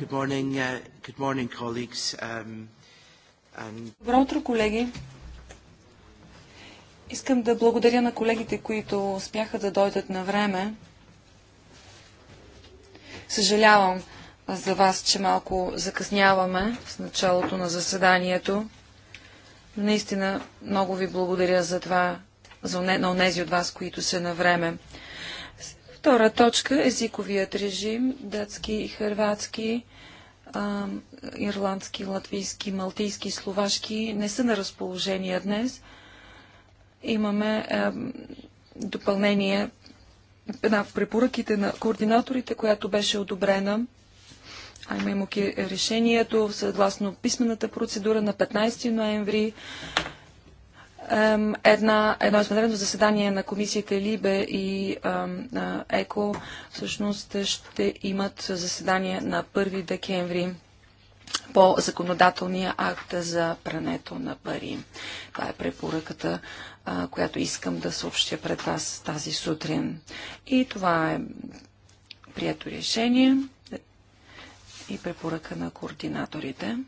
Good morning, uh, good morning, colleagues. Um, and... Добро утро, колеги. Искам да благодаря на колегите, които успяха да дойдат на време. Съжалявам за вас, че малко закъсняваме с началото на заседанието. Наистина много ви благодаря за това, за, онези от вас, които са на време. Втора точка – езиковият режим, датски, хрватски, ирландски, латвийски, малтийски, словашки не са на разположение днес. Имаме допълнение една в препоръките на координаторите, която беше одобрена, а именно решението съгласно писмената процедура на 15 ноември една, едно извънредно заседание на комисиите Либе и ЕКО всъщност ще имат заседание на 1 декември по законодателния акт за прането на пари. Това е препоръката, а, която искам да съобщя пред вас тази сутрин. И това е прието решение и препоръка на координаторите.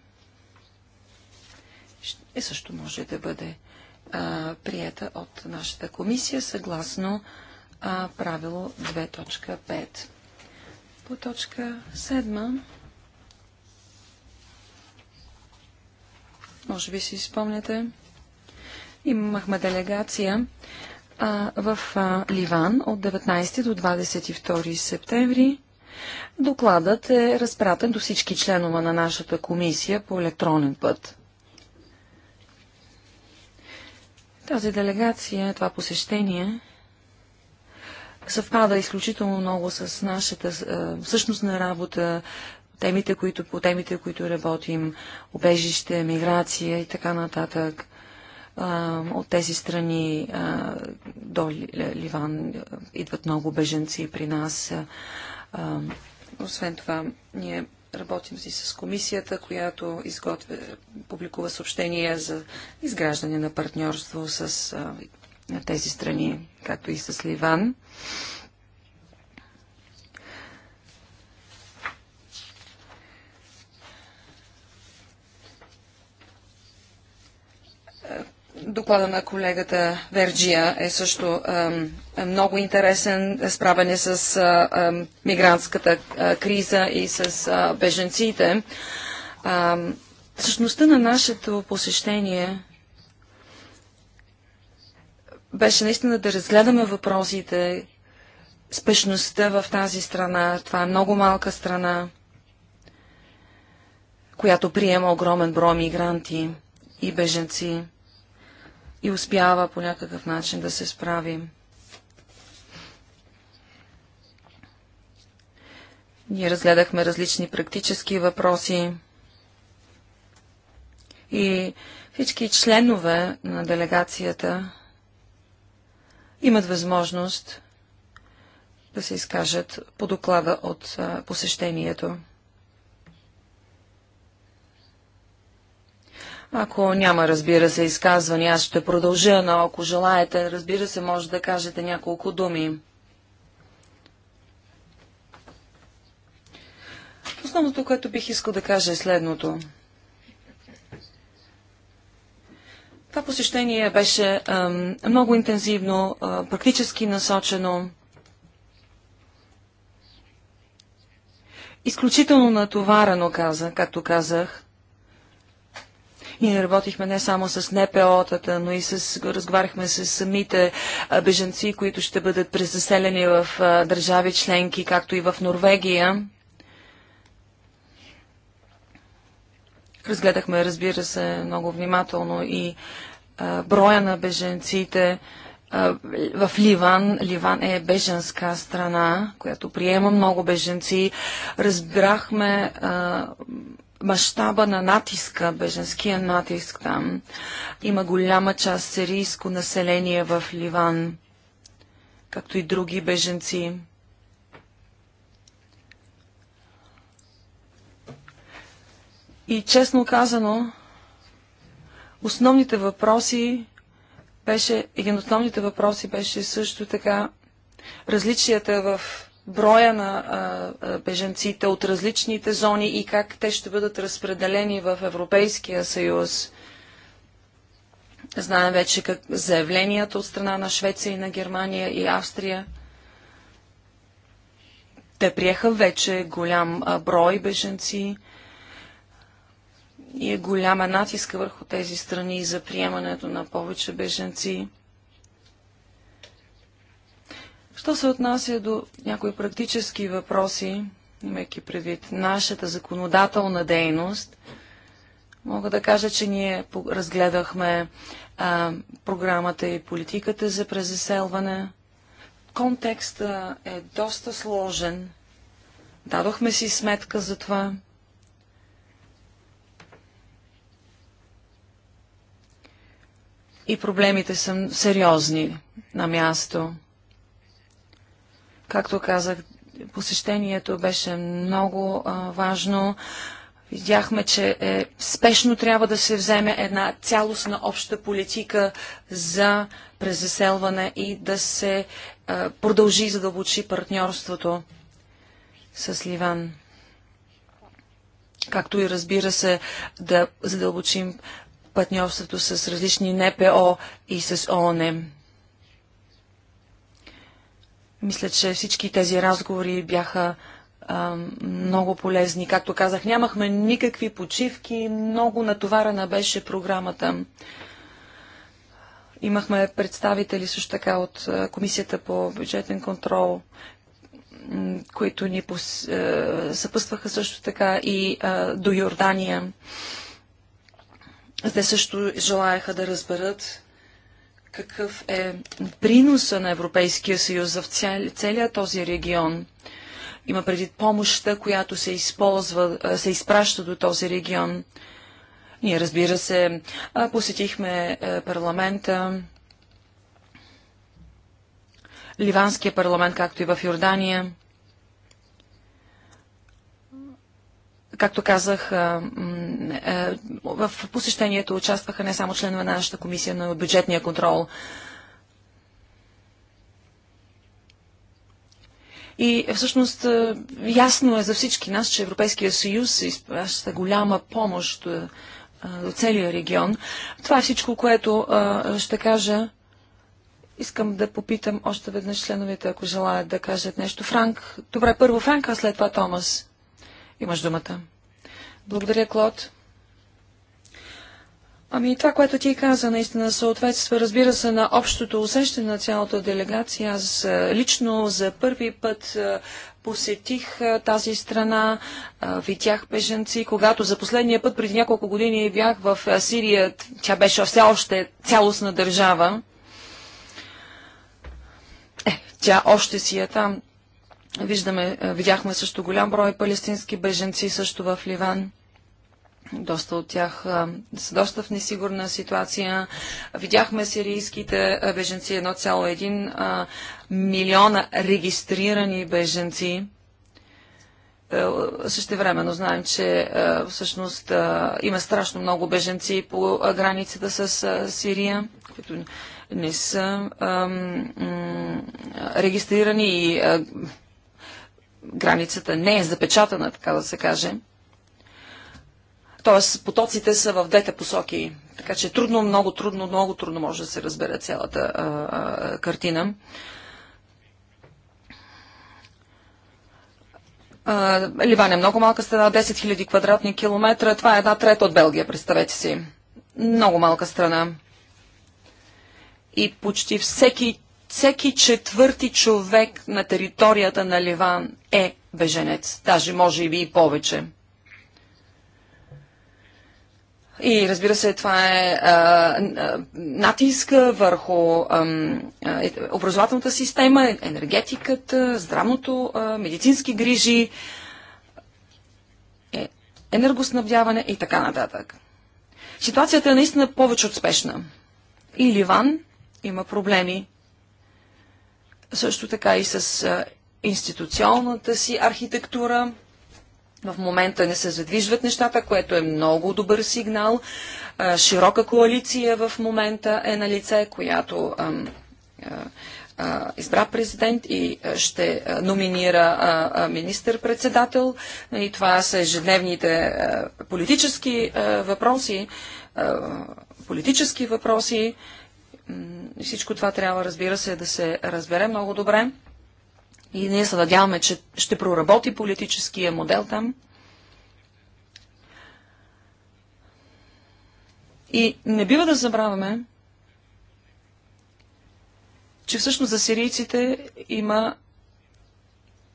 И е също може да бъде а, приета от нашата комисия, съгласно а, правило 2.5. По точка 7, може би си спомняте, имахме делегация а, в а, Ливан от 19 до 22 септември. Докладът е разпратен до всички членове на нашата комисия по електронен път. Тази делегация, това посещение, съвпада изключително много с нашата е, същност на работа, темите, които, по темите, които работим, обежище, миграция и така нататък. Е, от тези страни е, до е, Ливан идват много беженци при нас. Освен това, ние Работим си с комисията, която изготвя, публикува съобщения за изграждане на партньорство с тези страни, както и с Ливан. Доклада на колегата Верджия е също е, много интересен. Справяне с мигрантската криза и с беженците. Същността на нашето посещение беше наистина да разгледаме въпросите, спешността в тази страна. Това е много малка страна, която приема огромен брой мигранти и беженци и успява по някакъв начин да се справи. Ние разгледахме различни практически въпроси и всички членове на делегацията имат възможност да се изкажат по доклада от посещението. Ако няма, разбира се, изказвания, аз ще продължа, но ако желаете, разбира се, може да кажете няколко думи. Основното, което бих искал да кажа е следното. Това посещение беше а, много интензивно, а, практически насочено, изключително натоварено, каза, както казах. Ние работихме не само с НПО-тата, но и с, разговаряхме с самите беженци, които ще бъдат презаселени в държави членки, както и в Норвегия. Разгледахме, разбира се, много внимателно и а, броя на беженците а, в Ливан. Ливан е беженска страна, която приема много беженци. Разбрахме а, мащаба на натиска, беженския натиск там. Има голяма част сирийско население в Ливан, както и други беженци. И честно казано, основните въпроси беше, един от основните въпроси беше също така различията в броя на беженците от различните зони и как те ще бъдат разпределени в Европейския съюз. Знаем вече как заявленията от страна на Швеция и на Германия и Австрия. Те приеха вече голям брой беженци и е голяма натиска върху тези страни за приемането на повече беженци. Що се отнася до някои практически въпроси, имайки предвид нашата законодателна дейност, мога да кажа, че ние разгледахме а, програмата и политиката за презаселване. Контекста е доста сложен. Дадохме си сметка за това. И проблемите са сериозни на място. Както казах, посещението беше много а, важно. Видяхме, че е, спешно трябва да се вземе една цялостна обща политика за презаселване и да се а, продължи задълбочи партньорството с Ливан. Както и разбира се да задълбочим партньорството с различни НПО и с ООН. Мисля, че всички тези разговори бяха а, много полезни. Както казах, нямахме никакви почивки, много натоварена беше програмата. Имахме представители също така от Комисията по бюджетен контрол, които ни пос... съпъстваха също така и а, до Йордания. Те също желаяха да разберат какъв е приноса на Европейския съюз в целия този регион. Има преди помощта, която се използва, се изпраща до този регион. Ние, разбира се, посетихме парламента, Ливанския парламент, както и в Йордания. Както казах, е, в посещението участваха не само членове на нашата комисия, но и бюджетния контрол. И е, всъщност е, ясно е за всички нас, че Европейския съюз изпраща голяма помощ до, целия регион. Това е всичко, което ще кажа. Искам да попитам още веднъж членовете, ако желаят да кажат нещо. Франк, добре, първо Франк, а след това Томас. Имаш думата. Благодаря, Клод. Ами това, което ти каза, наистина съответства, разбира се, на общото усещане на цялата делегация. Аз лично за първи път посетих тази страна, видях беженци. Когато за последния път, преди няколко години, бях в Сирия, тя беше все още цялостна държава. Е, тя още си е там. Виждаме, видяхме също голям брой палестински беженци също в Ливан. Доста от тях а, са доста в несигурна ситуация. Видяхме сирийските беженци 1,1 милиона регистрирани беженци. Е, също времено знаем, че всъщност има страшно много беженци по границата с Сирия, които не са регистрирани и границата не е запечатана, така да се каже. Тоест, потоците са в двете посоки. Така че трудно, много трудно, много трудно може да се разбере цялата а, а, картина. А, Ливан е много малка страна, 10 000 квадратни километра. Това е една трета от Белгия, представете си. Много малка страна. И почти всеки всеки четвърти човек на територията на Ливан е беженец, даже може би и повече. И разбира се, това е а, натиска върху а, а, е, образователната система, енергетиката, здравното, а, медицински грижи, е, енергоснабдяване и така нататък. Ситуацията е наистина повече от спешна. И Ливан има проблеми също така и с институционната си архитектура. В момента не се задвижват нещата, което е много добър сигнал. Широка коалиция в момента е на лице, която избра президент и ще номинира министър-председател. И това са ежедневните политически въпроси, политически въпроси, всичко това трябва, разбира се, да се разбере много добре. И ние се надяваме, че ще проработи политическия модел там. И не бива да забравяме, че всъщност за сирийците има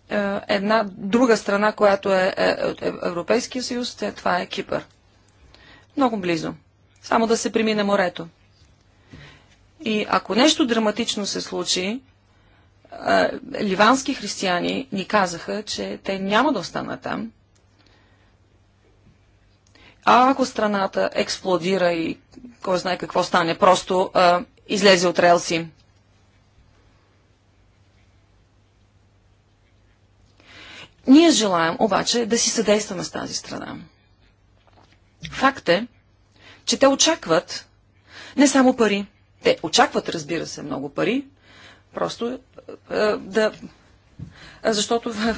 е, една друга страна, която е, е, е Европейския съюз, това е Кипър. Много близо. Само да се премине морето. И ако нещо драматично се случи, ливански християни ни казаха, че те няма да останат там. А ако страната експлодира и кой знае какво стане, просто а, излезе от релси. Ние желаем обаче да си съдействаме с тази страна. Факт е, че те очакват не само пари, те очакват, разбира се, много пари, просто е, е, да е, защото в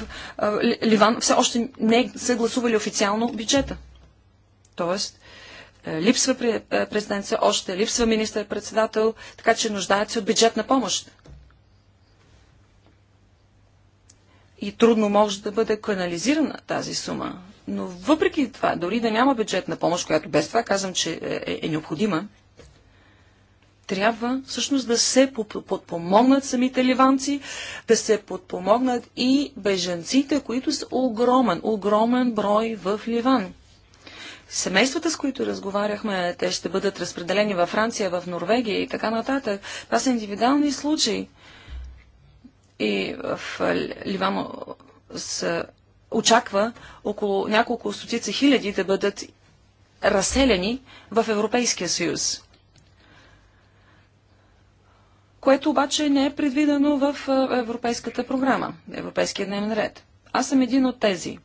Ливан все още не са гласували официално бюджета. Тоест, липсва президент все още, липсва министър-председател, така че нуждаят се от бюджетна помощ. И трудно може да бъде канализирана тази сума. Но въпреки това, дори да няма бюджетна помощ, която без това казвам, че е, е необходима, трябва всъщност да се подпомогнат самите ливанци, да се подпомогнат и бежанците, които са огромен, огромен брой в Ливан. Семействата, с които разговаряхме, те ще бъдат разпределени във Франция, в Норвегия и така нататък. Това са индивидуални случаи. И в Ливан се очаква около няколко стотици хиляди да бъдат разселени в Европейския съюз което обаче не е предвидено в Европейската програма, Европейския дневен ред. Аз съм един от тези,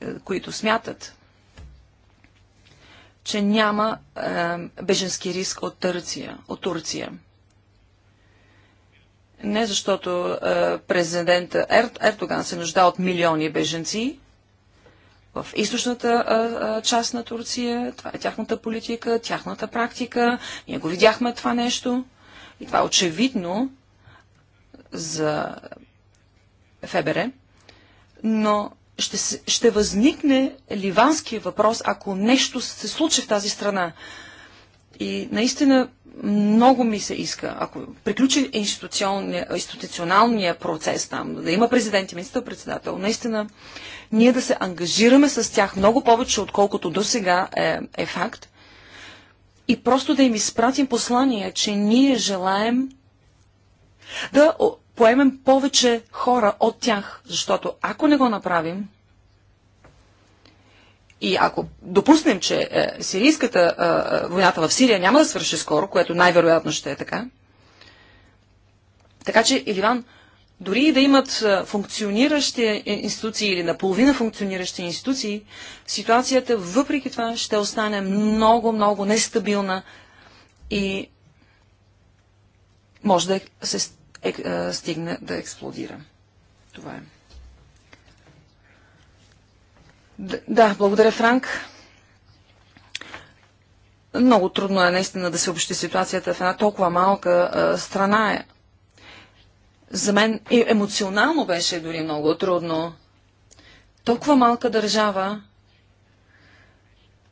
е, които смятат, че няма е, беженски риск от Турция. От Турция. Не защото е, президент Ер, Ертоган се нужда от милиони беженци. В източната е, е, част на Турция, това е тяхната политика, тяхната практика. Ние го видяхме това нещо. И това е очевидно за ФБР, но ще, ще възникне ливанския въпрос, ако нещо се случи в тази страна. И наистина много ми се иска, ако приключи институционалния, институционалния процес там, да има президент и министър-председател, наистина ние да се ангажираме с тях много повече, отколкото до сега е, е факт и просто да им изпратим послание, че ние желаем да поемем повече хора от тях, защото ако не го направим, и ако допуснем, че е, сирийската е, е войната в Сирия няма да свърши скоро, което най-вероятно ще е така, така че, Иливан, дори и да имат функциониращи е, институции или наполовина функциониращи институции, ситуацията въпреки това ще остане много, много нестабилна и може да е, се е, стигне да експлодира. Това е. Да, благодаря, Франк. Много трудно е наистина да се общи ситуацията в една толкова малка а, страна. Е. За мен емоционално беше дори много трудно. Толкова малка държава,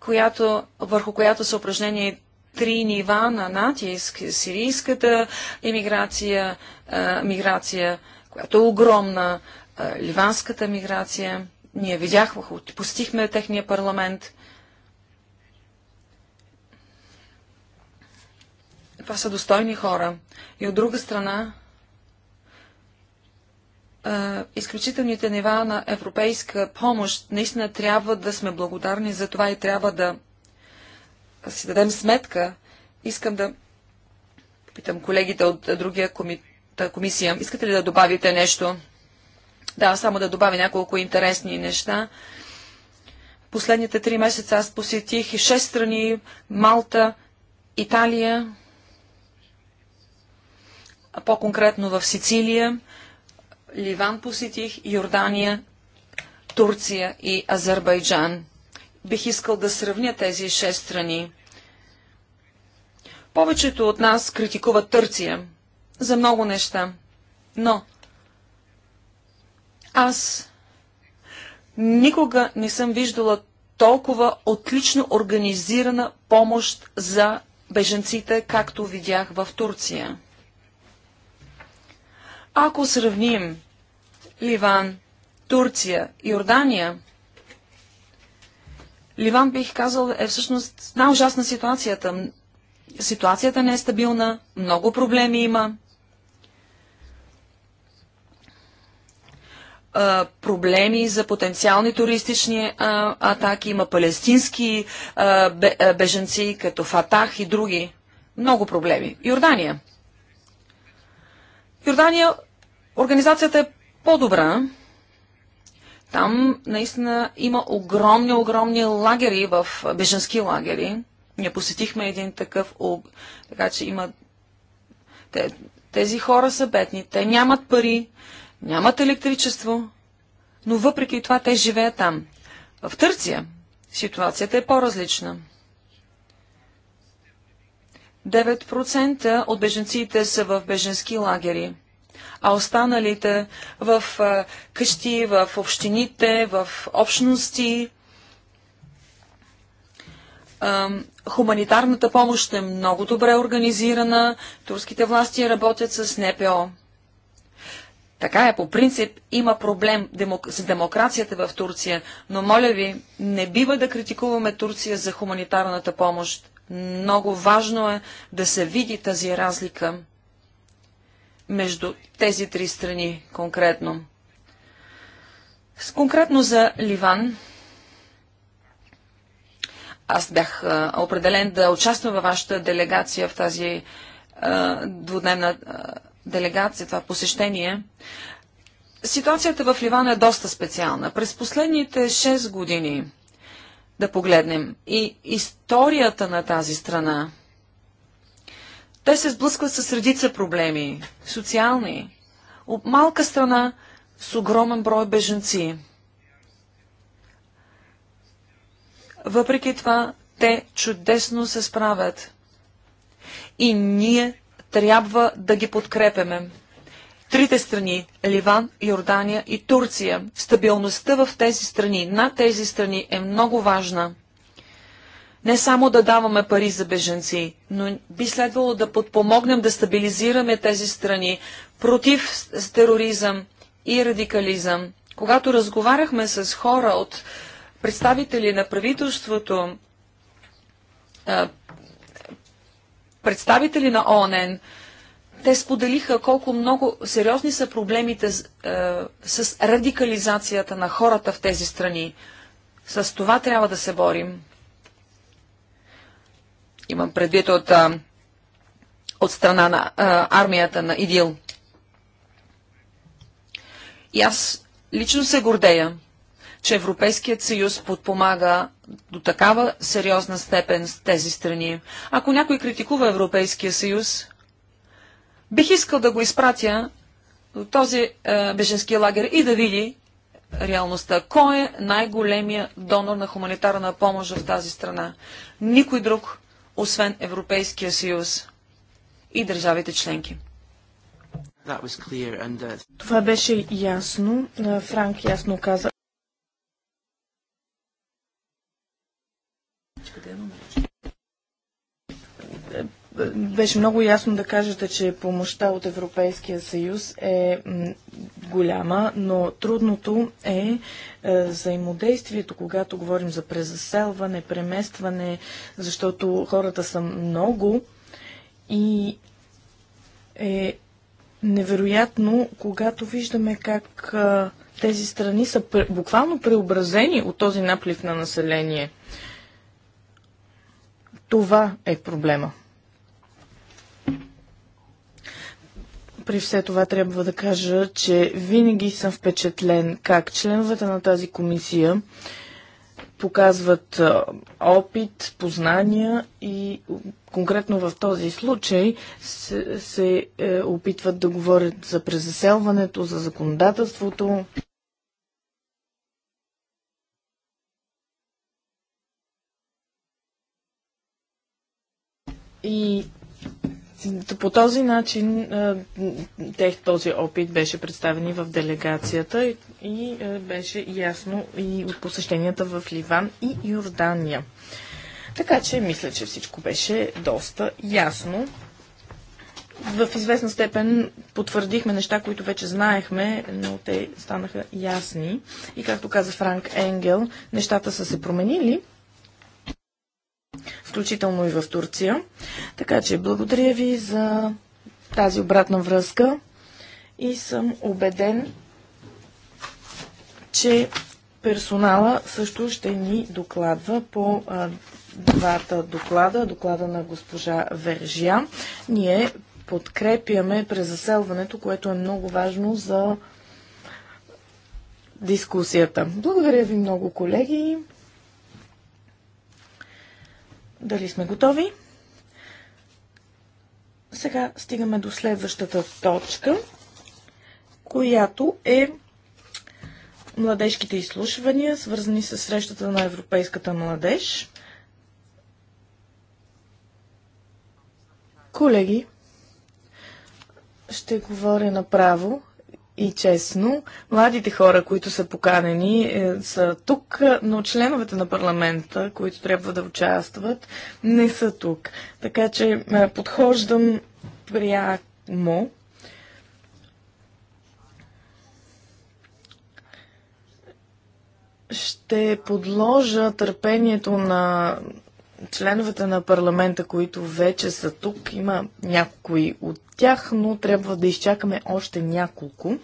която, върху която са упражнени три нива на натиск. Сирийската емиграция, а, миграция, която е огромна, а, ливанската миграция. Ние видяхме, отпустихме техния парламент. Това са достойни хора. И от друга страна, е, изключителните нива на европейска помощ, наистина трябва да сме благодарни за това и трябва да си дадем сметка. Искам да питам колегите от другия коми... комисия. Искате ли да добавите нещо? Да, само да добавя няколко интересни неща. Последните три месеца аз посетих и шест страни Малта, Италия, по-конкретно в Сицилия Ливан посетих, Йордания, Турция и Азербайджан. Бих искал да сравня тези шест страни. Повечето от нас критикуват Турция за много неща, но аз никога не съм виждала толкова отлично организирана помощ за беженците, както видях в Турция. Ако сравним Ливан, Турция, Йордания, Ливан, бих казал, е всъщност най-ужасна ситуацията. Ситуацията не е стабилна, много проблеми има. проблеми за потенциални туристични а, атаки, има палестински а, беженци, като Фатах и други. Много проблеми. Йордания. Йордания Организацията е по-добра. Там наистина има огромни, огромни лагери в беженски лагери. Ние посетихме един такъв, така че има... Те, тези хора са бедни, те нямат пари, нямат електричество, но въпреки това те живеят там. В Търция ситуацията е по-различна. 9% от беженците са в беженски лагери а останалите в къщи, в общините, в общности. хуманитарната помощ е много добре организирана, турските власти работят с НПО. Така е, по принцип има проблем с демокрацията в Турция, но моля ви, не бива да критикуваме Турция за хуманитарната помощ. Много важно е да се види тази разлика между тези три страни конкретно. конкретно за Ливан, аз бях определен да участвам във вашата делегация в тази а, двудневна а, делегация, това посещение. Ситуацията в Ливан е доста специална. През последните 6 години да погледнем и историята на тази страна – те се сблъскват с редица проблеми, социални. От малка страна с огромен брой беженци. Въпреки това, те чудесно се справят. И ние трябва да ги подкрепяме. Трите страни – Ливан, Йордания и Турция. Стабилността в тези страни, на тези страни е много важна – не само да даваме пари за беженци, но би следвало да подпомогнем да стабилизираме тези страни против тероризъм и радикализъм. Когато разговаряхме с хора от представители на правителството, представители на ОНН, те споделиха колко много сериозни са проблемите с, е, с радикализацията на хората в тези страни. С това трябва да се борим. Имам предвид от, от страна на армията на ИДИЛ. И аз лично се гордея, че Европейският съюз подпомага до такава сериозна степен с тези страни. Ако някой критикува Европейския съюз, бих искал да го изпратя до този е, беженски лагер и да види реалността. Кой е най-големия донор на хуманитарна помощ в тази страна? Никой друг освен Европейския съюз и държавите членки. Uh, Това беше ясно. Франк ясно каза. Къде беше много ясно да кажете, че помощта от Европейския съюз е голяма, но трудното е, е взаимодействието, когато говорим за презаселване, преместване, защото хората са много и е невероятно, когато виждаме как тези страни са буквално преобразени от този наплив на население. Това е проблема. При все това трябва да кажа, че винаги съм впечатлен как членовете на тази комисия показват опит, познания и конкретно в този случай се, се е, опитват да говорят за презаселването, за законодателството. И по този начин този опит беше представен и в делегацията и беше ясно и от посещенията в Ливан и Йордания. Така че мисля, че всичко беше доста ясно. В известна степен потвърдихме неща, които вече знаехме, но те станаха ясни. И както каза Франк Енгел, нещата са се променили, включително и в Турция. Така че благодаря ви за тази обратна връзка и съм убеден, че персонала също ще ни докладва по двата доклада, доклада на госпожа Вержия. Ние подкрепяме презаселването, което е много важно за дискусията. Благодаря ви много, колеги. Дали сме готови? Сега стигаме до следващата точка, която е младежките изслушвания, свързани с срещата на Европейската младеж. Колеги, ще говоря направо, и честно. Младите хора, които са поканени, е, са тук, е, но членовете на парламента, които трябва да участват, не са тук. Така че е, подхождам прямо. Ще подложа търпението на членовете на парламента, които вече са тук, има някои от тях, но трябва да изчакаме още няколко.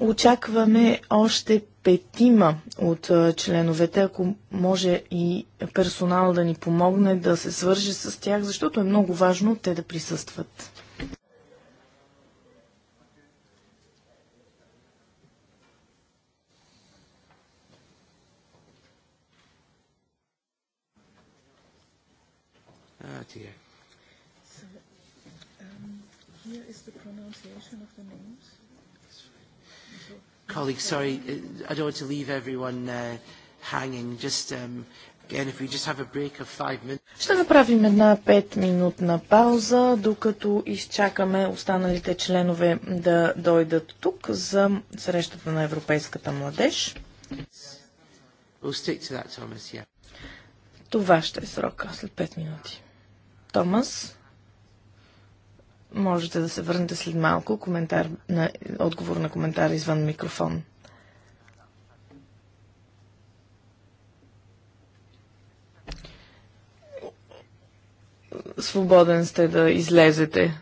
Очакваме още петима от членовете, ако може и персонал да ни помогне да се свърже с тях, защото е много важно те да присъстват. Ah, um, here is the pronunciation of the names. Colleagues, sorry, uh, I don't want to leave everyone uh, hanging. Just um, again, if we just have a break of five minutes. ще направим една 5-минутна пауза, докато изчакаме останалите членове да дойдат тук за срещата на Европейската младеж. Това ще е срока след 5 минути. Томас? Можете да се върнете след малко коментар на, отговор на коментар извън микрофон. Свободен сте да излезете.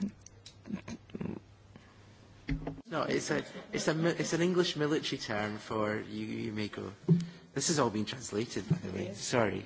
No, it's a it's a it's an English military term for you, you may go. This has all been translated, by the way. Sorry.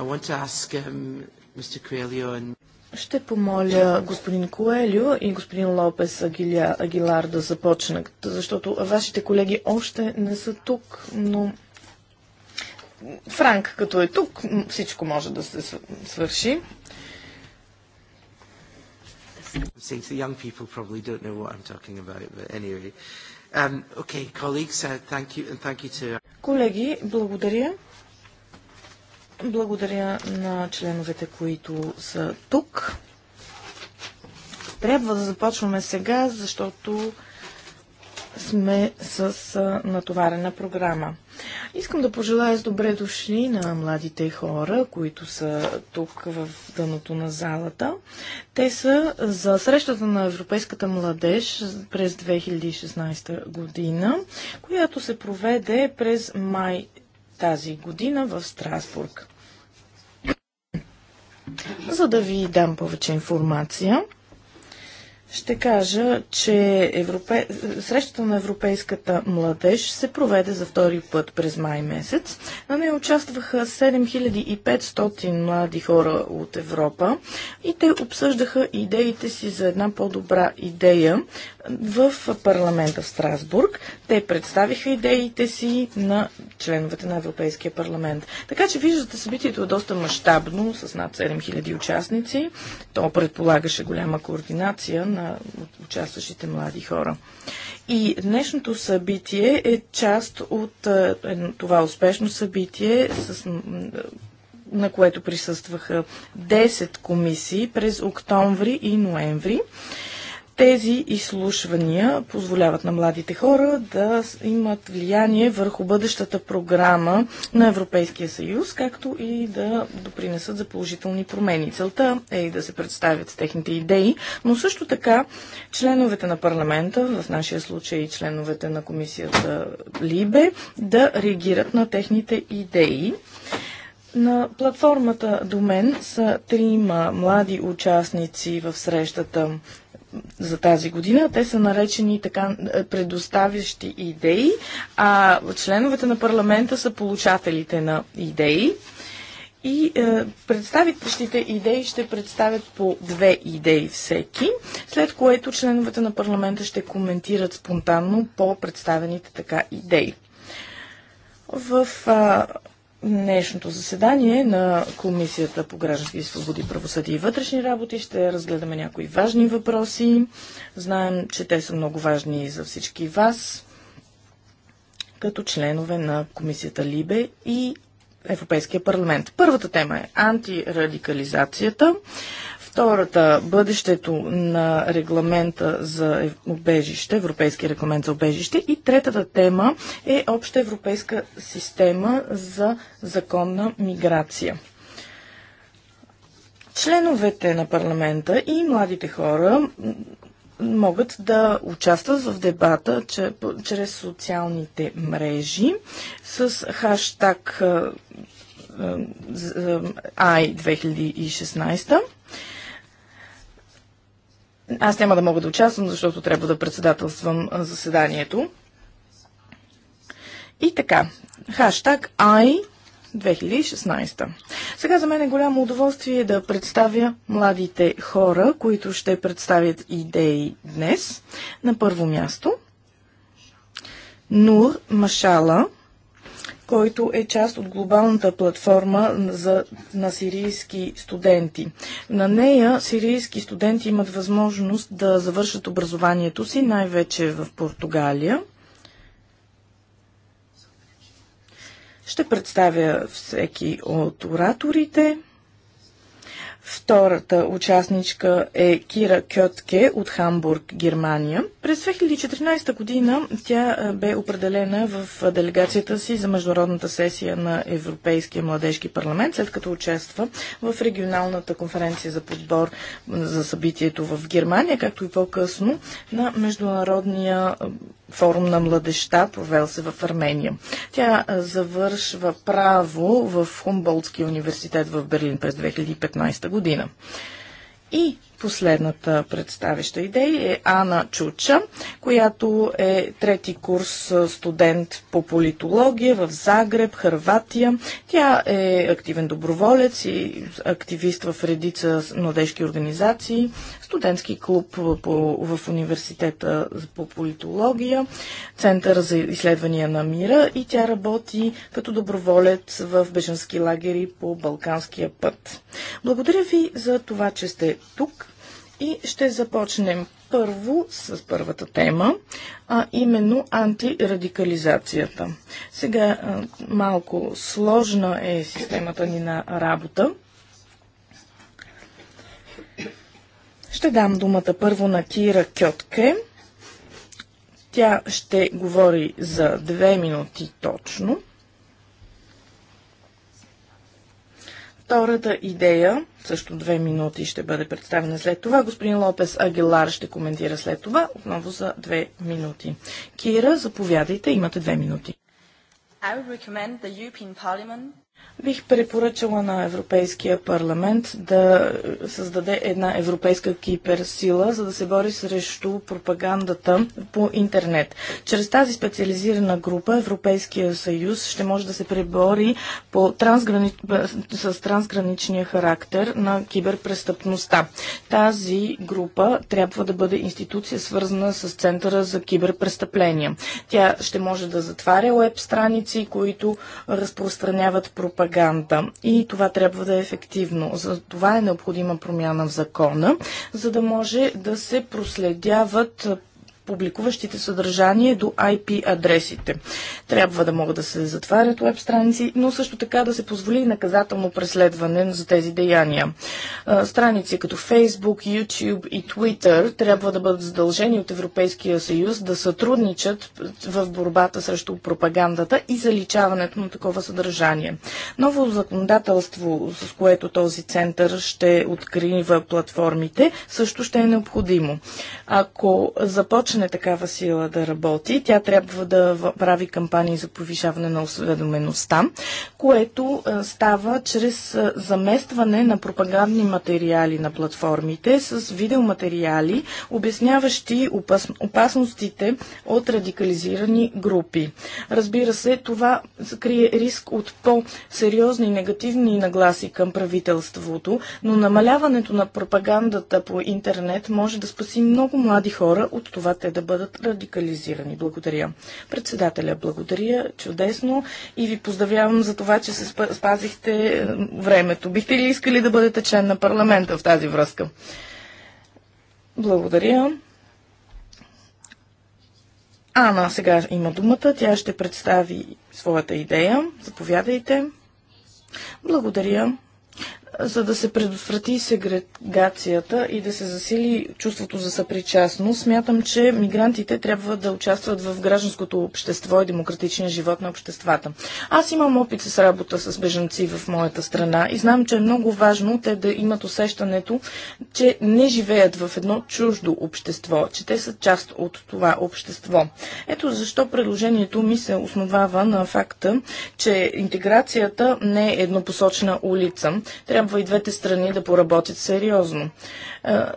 Um, Ще помоля господин Коелио и господин Лопес Агиля, Агилар да започнат, защото вашите колеги още не са тук, но Франк като е тук, всичко може да се свърши. Um, uh, колеги, благодаря. Благодаря на членовете, които са тук. Трябва да започваме сега, защото сме с натоварена програма. Искам да пожелая с добре дошли на младите хора, които са тук в дъното на залата. Те са за срещата на Европейската младеж през 2016 година, която се проведе през май тази година в Страсбург. За да ви дам повече информация, ще кажа, че Европе... срещата на европейската младеж се проведе за втори път през май месец. На нея участваха 7500 млади хора от Европа и те обсъждаха идеите си за една по-добра идея, в парламента в Страсбург. Те представиха идеите си на членовете на Европейския парламент. Така че виждате, събитието е доста мащабно, с над 7000 участници. То предполагаше голяма координация на участващите млади хора. И днешното събитие е част от е, е, това успешно събитие с е, на което присъстваха 10 комисии през октомври и ноември. Тези изслушвания позволяват на младите хора да имат влияние върху бъдещата програма на Европейския съюз, както и да допринесат за положителни промени. Целта е и да се представят техните идеи, но също така членовете на парламента, в нашия случай членовете на комисията Либе, да реагират на техните идеи. На платформата до мен са трима млади участници в срещата за тази година. Те са наречени така е, предоставящи идеи, а членовете на парламента са получателите на идеи. И е, представителите идеи ще представят по две идеи всеки, след което членовете на парламента ще коментират спонтанно по представените така идеи. В днешното заседание на Комисията по граждански свободи, правосъдие и вътрешни работи ще разгледаме някои важни въпроси. Знаем, че те са много важни за всички вас, като членове на Комисията Либе и Европейския парламент. Първата тема е антирадикализацията. Втората, бъдещето на регламента за обежище, Европейски регламент за обежище. И третата тема е обща европейска система за законна миграция. Членовете на парламента и младите хора могат да участват в дебата чрез социалните мрежи с хаштаг AI 2016 аз няма да мога да участвам, защото трябва да председателствам заседанието. И така, хаштаг I 2016. Сега за мен е голямо удоволствие да представя младите хора, които ще представят идеи днес. На първо място Нур Машала – който е част от глобалната платформа за, на сирийски студенти. На нея сирийски студенти имат възможност да завършат образованието си, най-вече в Португалия. Ще представя всеки от ораторите. Втората участничка е Кира Кьотке от Хамбург, Германия. През 2014 година тя бе определена в делегацията си за международната сесия на Европейския младежки парламент, след като участва в регионалната конференция за подбор за събитието в Германия, както и по-късно на международния форум на младеща, провел се в Армения. Тя завършва право в Хумболтския университет в Берлин през 2015 година. И Последната представяща идея е Ана Чуча, която е трети курс студент по политология в Загреб, Харватия. Тя е активен доброволец и активист в редица младежки организации, студентски клуб в университета по политология, Център за изследвания на мира и тя работи като доброволец в беженски лагери по Балканския път. Благодаря ви за това, че сте тук и ще започнем първо с първата тема, а именно антирадикализацията. Сега малко сложна е системата ни на работа. Ще дам думата първо на Кира Кьотке. Тя ще говори за две минути точно. Втората идея, също две минути ще бъде представена след това. Господин Лопес Агилар ще коментира след това, отново за две минути. Кира, заповядайте, имате две минути. Бих препоръчала на Европейския парламент да създаде една европейска киберсила, за да се бори срещу пропагандата по интернет. Чрез тази специализирана група Европейския съюз ще може да се пребори по трансграни... с трансграничния характер на киберпрестъпността. Тази група трябва да бъде институция свързана с Центъра за киберпрестъпления. Тя ще може да затваря веб страници, които разпространяват пропаганда пропаганда. И това трябва да е ефективно. За това е необходима промяна в закона, за да може да се проследяват публикуващите съдържание до IP адресите. Трябва да могат да се затварят веб страници, но също така да се позволи наказателно преследване за тези деяния. Страници като Facebook, YouTube и Twitter трябва да бъдат задължени от Европейския съюз да сътрудничат в борбата срещу пропагандата и заличаването на такова съдържание. Ново законодателство, с което този център ще открива платформите, също ще е необходимо. Ако започне е такава сила да работи, тя трябва да прави кампании за повишаване на осведомеността, което е, става чрез е, заместване на пропагандни материали на платформите с видеоматериали, обясняващи опас... опасностите от радикализирани групи. Разбира се, това крие риск от по-сериозни негативни нагласи към правителството, но намаляването на пропагандата по интернет може да спаси много млади хора от това те да бъдат радикализирани. Благодаря. Председателя, благодаря. Чудесно. И ви поздравявам за това, че се спазихте е, времето. Бихте ли искали да бъдете член на парламента в тази връзка? Благодаря. Ана сега има думата. Тя ще представи своята идея. Заповядайте. Благодаря за да се предотврати сегрегацията и да се засили чувството за съпричастност, смятам, че мигрантите трябва да участват в гражданското общество и демократичния живот на обществата. Аз имам опит с работа с бежанци в моята страна и знам, че е много важно те да имат усещането, че не живеят в едно чуждо общество, че те са част от това общество. Ето защо предложението ми се основава на факта, че интеграцията не е еднопосочна улица. Трябва трябва и двете страни да поработят сериозно. Е,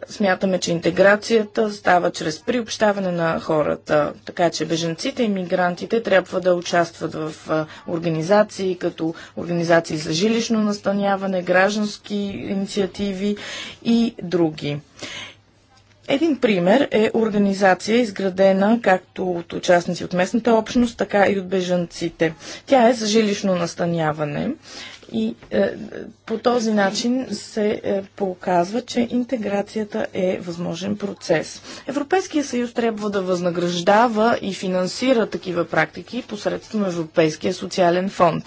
смятаме, че интеграцията става чрез приобщаване на хората, така че беженците и мигрантите трябва да участват в е, организации, като организации за жилищно настаняване, граждански инициативи и други. Един пример е организация, изградена както от участници от местната общност, така и от бежанците. Тя е за жилищно настаняване и е, по този начин се е, показва, че интеграцията е възможен процес. Европейския съюз трябва да възнаграждава и финансира такива практики посредством Европейския социален фонд.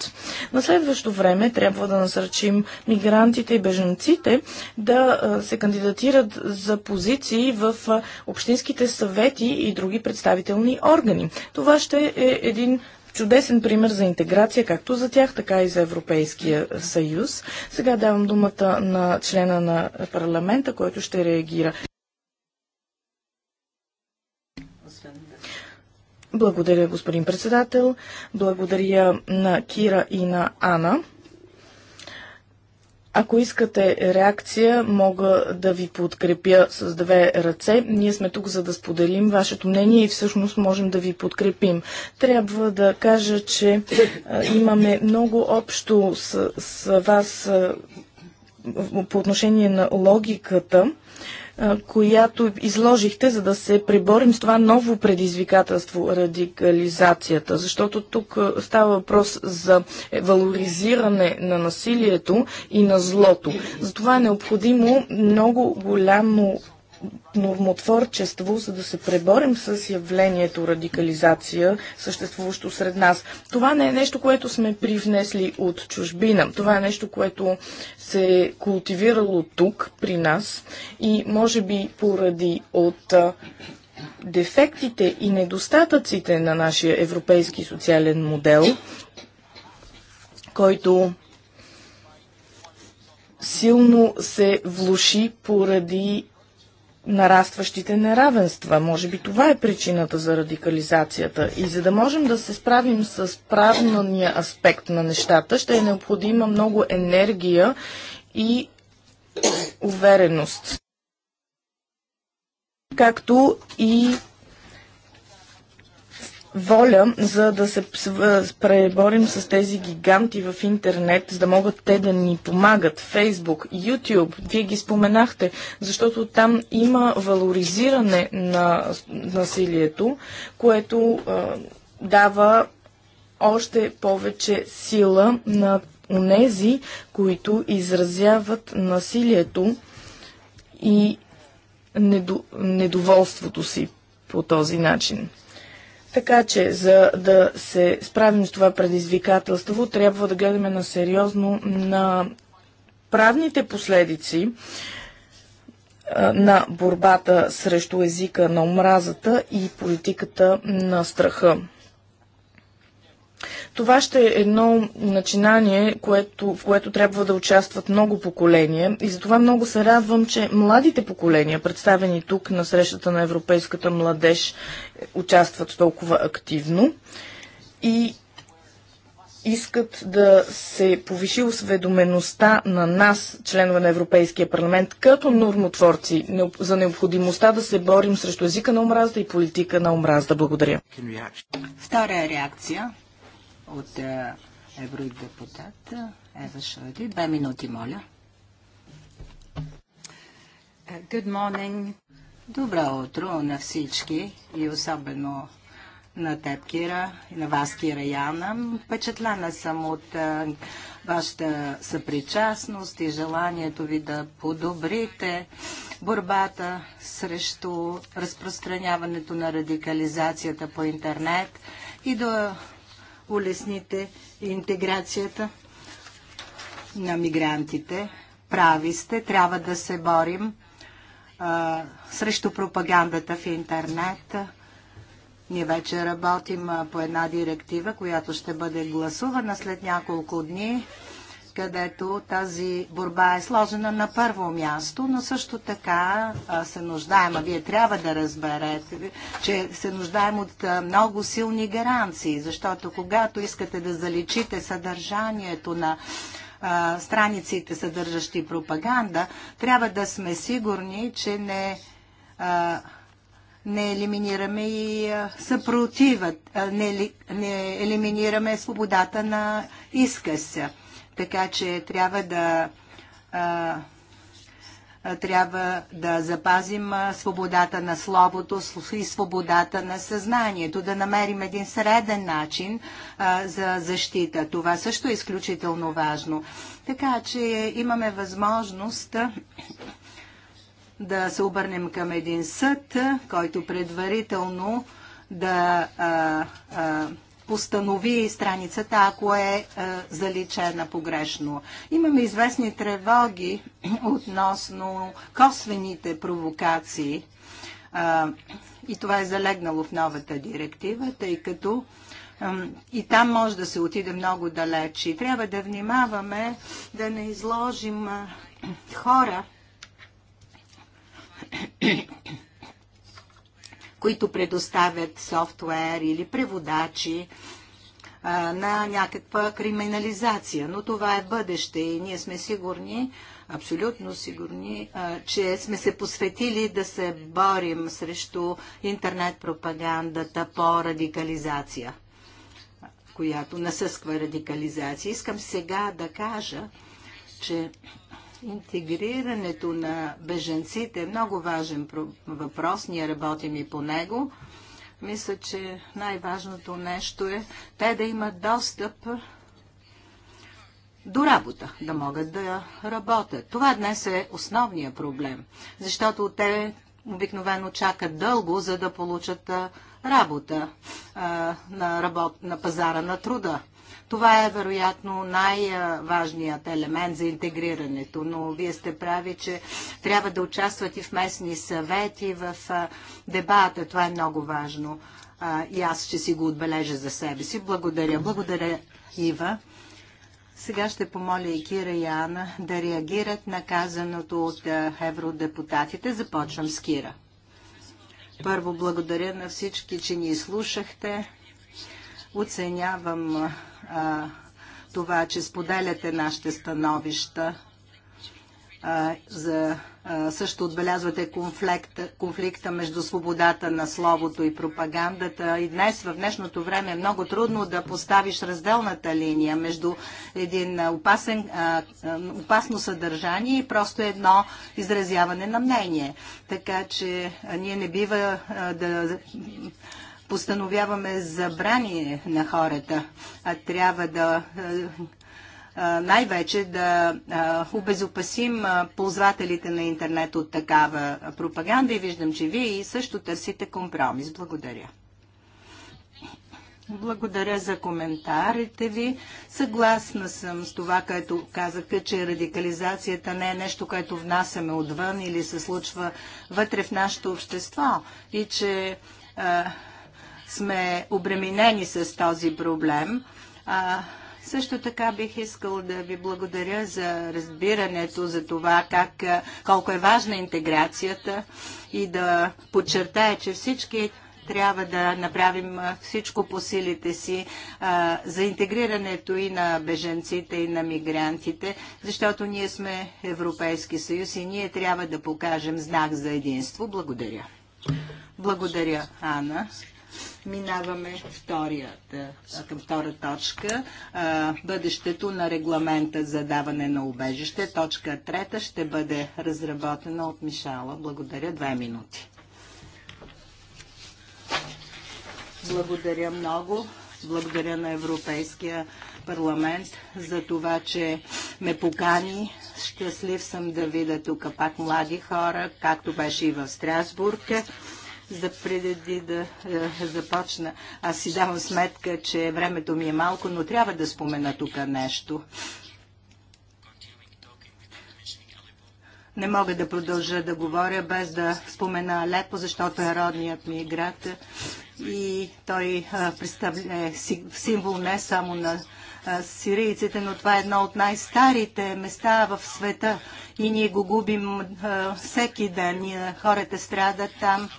На следващо време трябва да насърчим мигрантите и бежанците да е, се кандидатират за позиции, и в общинските съвети и други представителни органи. Това ще е един чудесен пример за интеграция, както за тях, така и за Европейския съюз. Сега давам думата на члена на парламента, който ще реагира. Благодаря, господин председател. Благодаря на Кира и на Ана. Ако искате реакция, мога да ви подкрепя с две ръце. Ние сме тук за да споделим вашето мнение и всъщност можем да ви подкрепим. Трябва да кажа, че имаме много общо с, с вас по отношение на логиката която изложихте, за да се приборим с това ново предизвикателство радикализацията, защото тук става въпрос за валоризиране на насилието и на злото. Затова е необходимо много голямо нормотворчество, за да се преборим с явлението радикализация, съществуващо сред нас. Това не е нещо, което сме привнесли от чужбина. Това е нещо, което се е култивирало тук, при нас и може би поради от дефектите и недостатъците на нашия европейски социален модел, който силно се влуши поради нарастващите неравенства. Може би това е причината за радикализацията. И за да можем да се справим с правния аспект на нещата, ще е необходима много енергия и увереност. Както и воля, за да се преборим с тези гиганти в интернет, за да могат те да ни помагат. Фейсбук, YouTube, вие ги споменахте, защото там има валоризиране на насилието, което а, дава още повече сила на онези, които изразяват насилието и недоволството си по този начин. Така че, за да се справим с това предизвикателство, трябва да гледаме на сериозно на правните последици на борбата срещу езика на омразата и политиката на страха. Това ще е едно начинание, което, в което трябва да участват много поколения и затова много се радвам, че младите поколения, представени тук на срещата на Европейската младеж, участват толкова активно и искат да се повиши осведомеността на нас, членове на Европейския парламент, като нормотворци, за необходимостта да се борим срещу езика на омразда и политика на омразда. Благодаря. Втора реакция от е, евродепутат Ева Шойди. Две минути, моля. Good morning. Добро утро на всички и особено на теб, Кира, и на вас, Кира Яна. Впечатлена съм от а, е, вашата съпричастност и желанието ви да подобрите борбата срещу разпространяването на радикализацията по интернет и да улесните интеграцията на мигрантите. Прави сте, трябва да се борим а, срещу пропагандата в интернет. Ние вече работим а, по една директива, която ще бъде гласувана след няколко дни където тази борба е сложена на първо място, но също така се нуждаем, а вие трябва да разберете, че се нуждаем от много силни гаранции, защото когато искате да заличите съдържанието на страниците, съдържащи пропаганда, трябва да сме сигурни, че не не елиминираме и съпротивът, не, не елиминираме свободата на изкъса така че трябва да трябва да запазим свободата на словото и свободата на съзнанието, да намерим един среден начин а, за защита. Това също е изключително важно. Така че имаме възможност да се обърнем към един съд, който предварително да а, а, постанови страницата, ако е, е заличена погрешно. Имаме известни тревоги относно косвените провокации е, и това е залегнало в новата директива, тъй като и там може да се отиде много далеч. И трябва да внимаваме да не изложим е, хора, които предоставят софтуер или преводачи на някаква криминализация. Но това е бъдеще и ние сме сигурни, абсолютно сигурни, че сме се посветили да се борим срещу интернет-пропагандата по радикализация която насъсква радикализация. Искам сега да кажа, че Интегрирането на беженците е много важен въпрос. Ние работим и по него. Мисля, че най-важното нещо е те да имат достъп до работа, да могат да работят. Това днес е основният проблем, защото те обикновено чакат дълго, за да получат работа на, работ, на пазара на труда. Това е вероятно най-важният елемент за интегрирането, но вие сте прави, че трябва да участват и в местни съвети, в дебата. Това е много важно. И аз ще си го отбележа за себе си. Благодаря. Благодаря, Ива. Сега ще помоля и Кира и Ана да реагират на казаното от евродепутатите. Започвам с Кира. Първо благодаря на всички, че ни слушахте. Оценявам а, това, че споделяте нашите становища. А, за, а, също отбелязвате конфликта, конфликта между свободата на словото и пропагандата. И днес, в днешното време, е много трудно да поставиш разделната линия между един опасен, а, опасно съдържание и просто едно изразяване на мнение. Така че ние не бива да постановяваме забрани на хората, а трябва да е, е, най-вече да е, обезопасим ползвателите на интернет от такава пропаганда и виждам, че вие също търсите компромис. Благодаря. Благодаря за коментарите ви. Съгласна съм с това, което казахте, че радикализацията не е нещо, което внасяме отвън или се случва вътре в нашето общество и че сме обременени с този проблем. А, също така бих искал да ви благодаря за разбирането за това как, колко е важна интеграцията и да подчертая, че всички трябва да направим всичко по силите си а, за интегрирането и на беженците, и на мигрантите, защото ние сме Европейски съюз и ние трябва да покажем знак за единство. Благодаря. Благодаря, Ана. Минаваме към втора точка. бъдещето на регламента за даване на убежище. Точка трета ще бъде разработена от Мишала. Благодаря. Две минути. Благодаря много. Благодаря на Европейския парламент за това, че ме покани. Щастлив съм да видя тук пак млади хора, както беше и в Страсбург за преди да е, започна. Аз си давам сметка, че времето ми е малко, но трябва да спомена тук нещо. Не мога да продължа да говоря без да спомена Алепо, защото е родният ми град и той е, представляе символ не само на е, сирийците, но това е едно от най-старите места в света и ние го губим всеки ден. Хората страдат там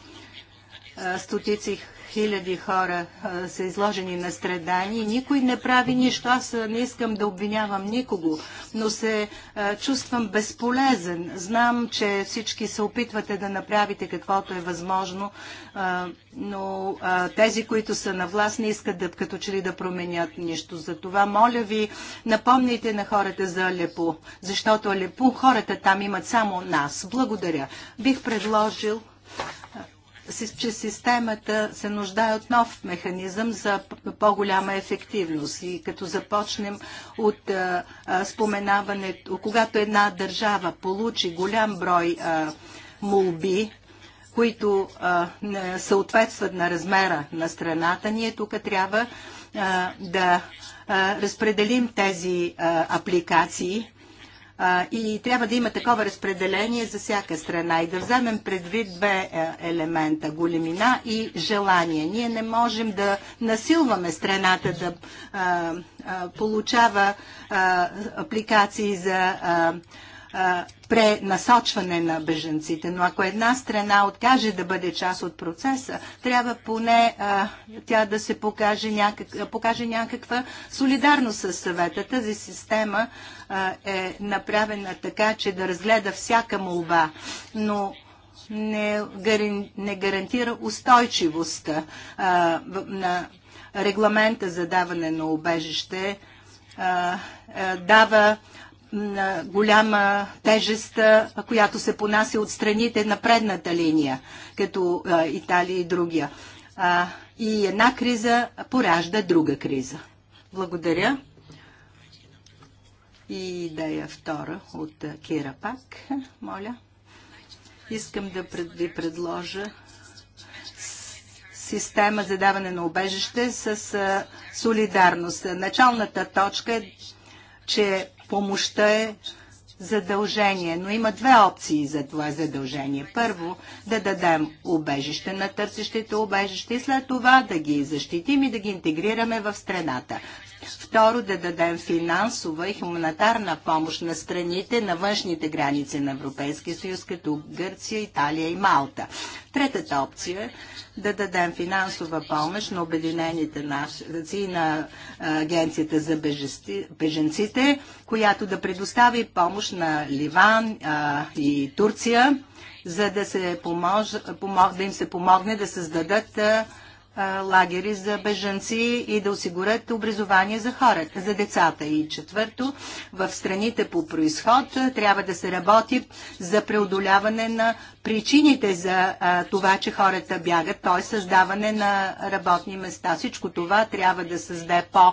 стотици хиляди хора са изложени на страдания. Никой не прави нищо. Аз не искам да обвинявам никого, но се чувствам безполезен. Знам, че всички се опитвате да направите каквото е възможно, но тези, които са на власт, не искат да, като че ли да променят нищо. Затова, моля ви, напомняйте на хората за Алепо, защото Алепо хората там имат само нас. Благодаря. Бих предложил че системата се нуждае от нов механизъм за по-голяма ефективност. И като започнем от споменаването, когато една държава получи голям брой молби, които не съответстват на размера на страната, ние тук трябва да разпределим тези апликации и трябва да има такова разпределение за всяка страна и да вземем предвид две е, елемента – големина и желание. Ние не можем да насилваме страната да получава апликации за пренасочване на беженците. Но ако една страна откаже да бъде част от процеса, трябва поне а, тя да се покаже, някак, покаже някаква солидарност с съвета. Тази система а, е направена така, че да разгледа всяка молба, но не, гарин, не гарантира устойчивост а, на регламента за даване на убежище, а, а, дава на голяма тежест, която се понася от страните на предната линия, като Италия и другия. И една криза поражда друга криза. Благодаря. И идея втора от Кира Пак, моля. Искам да ви предложа система за даване на обежище с солидарност. Началната точка е, че помощта е задължение, но има две опции за това задължение. Първо, да дадем убежище на търсещите убежище и след това да ги защитим и да ги интегрираме в страната. Второ, да дадем финансова и хуманитарна помощ на страните на външните граници на Европейския съюз, като Гърция, Италия и Малта. Третата опция е да дадем финансова помощ на Обединените нации и на Агенцията за беженците, която да предостави помощ на Ливан а, и Турция, за да, се помож, помог, да им се помогне да създадат а, лагери за бежанци и да осигурят образование за хората, за децата. И четвърто, в страните по происход трябва да се работи за преодоляване на причините за а, това, че хората бягат, т.е. създаване на работни места. Всичко това трябва да създаде по,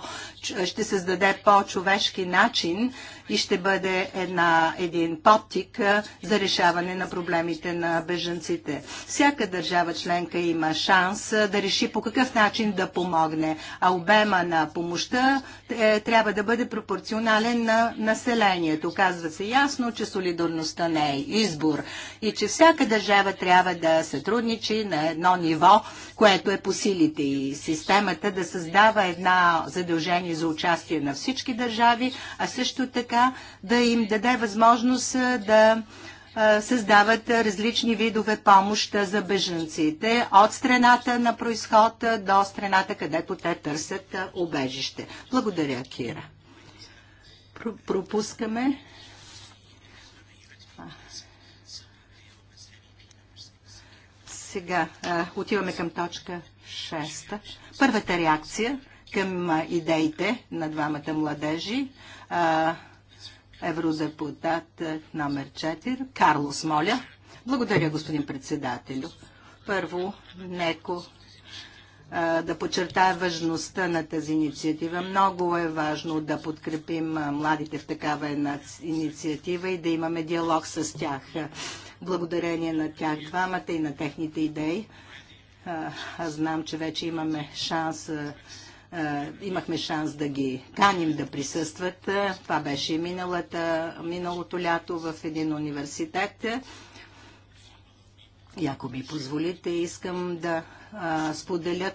ще създаде по-човешки начин и ще бъде една, един поптик за решаване на проблемите на беженците. Всяка държава членка има шанс да реши по какъв начин да помогне, а обема на помощта е, трябва да бъде пропорционален на населението. Казва се ясно, че солидарността не е избор и че всяка всяка държава трябва да сътрудничи на едно ниво, което е по силите и системата да създава една задължение за участие на всички държави, а също така да им даде възможност да създават различни видове помощ за беженците от страната на происход до страната, където те търсят убежище. Благодаря, Кира. Пропускаме Сега отиваме към точка 6. Първата реакция към идеите на двамата младежи. евродепутат номер 4. Карлос, моля. Благодаря, господин председателю. Първо, неко да подчертая важността на тази инициатива. Много е важно да подкрепим младите в такава инициатива и да имаме диалог с тях благодарение на тях двамата и на техните идеи. Аз знам, че вече имаме шанс имахме шанс да ги каним да присъстват. Това беше миналата, миналото лято в един университет. И ако ми позволите, искам да а, споделя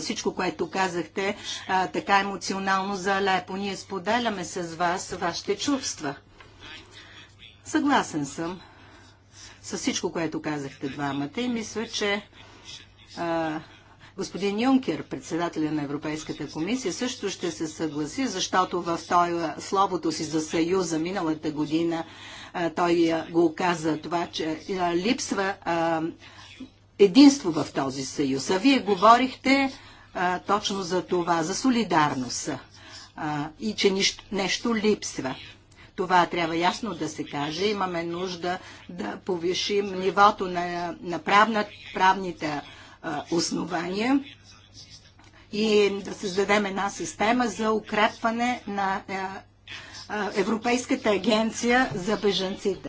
всичко, което казахте, а, така емоционално за Алепо. Ние споделяме с вас вашите чувства. Съгласен съм, с всичко, което казахте двамата и мисля, че а, господин Юнкер, председателя на Европейската комисия, също ще се съгласи, защото в той, словото си за Съюза миналата година а, той а, го каза това, че а, липсва а, единство в този съюз. А вие говорихте а, точно за това, за солидарност а, и че нищо, нещо липсва. Това трябва ясно да се каже. Имаме нужда да повишим нивото на, на правна, правните а, основания и да създадем една система за укрепване на а, а, Европейската агенция за беженците.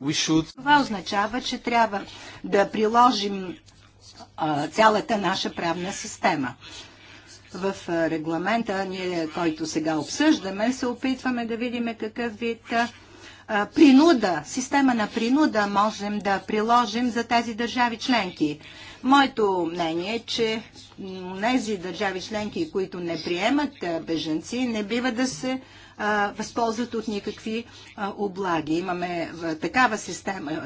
Should... Това означава, че трябва да приложим а, цялата наша правна система в регламента, ние, който сега обсъждаме, се опитваме да видим какъв вид а, принуда, система на принуда можем да приложим за тези държави членки. Моето мнение е, че тези държави членки, които не приемат беженци, не бива да се възползват от никакви а, облаги. Имаме в, такава система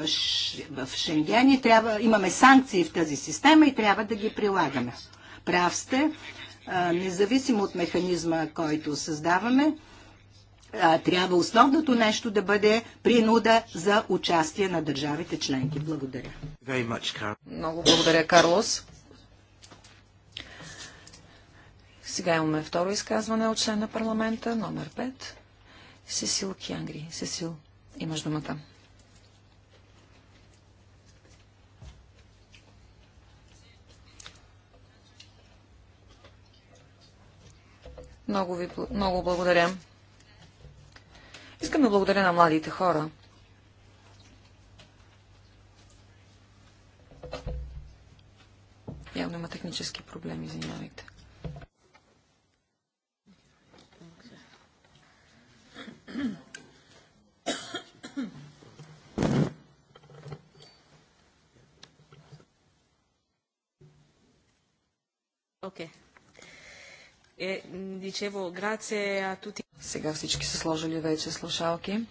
в Шенген и трябва, имаме санкции в тази система и трябва да ги прилагаме. Прав сте, независимо от механизма, който създаваме, трябва основното нещо да бъде принуда за участие на държавите членки. Благодаря. Много благодаря, Карлос. Сега имаме второ изказване от член на парламента, номер 5. Сесил Кянгри. Сесил, имаш думата. Много ви много благодаря. Искам да благодаря на младите хора. Явно има технически проблеми, извинявайте. Okay. Е, Сега всички са сложили вече слушалки.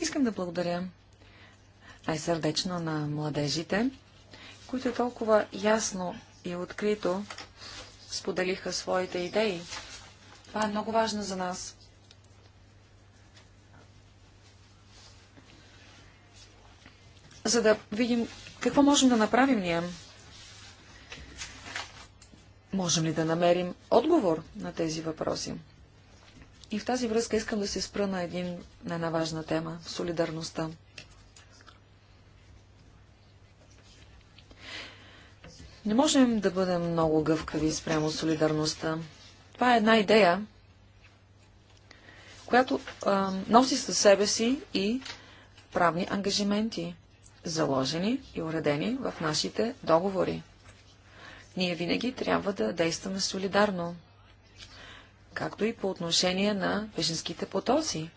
Искам да благодаря най-сърдечно на младежите, които толкова ясно и открито споделиха своите идеи. Това е много важно за нас. За да видим какво можем да направим ние. Можем ли да намерим отговор на тези въпроси? И в тази връзка искам да се спра на, един, на една важна тема – солидарността. Не можем да бъдем много гъвкави спрямо солидарността. Това е една идея, която а, носи със себе си и правни ангажименти, заложени и уредени в нашите договори ние винаги трябва да действаме солидарно, както и по отношение на беженските потоци.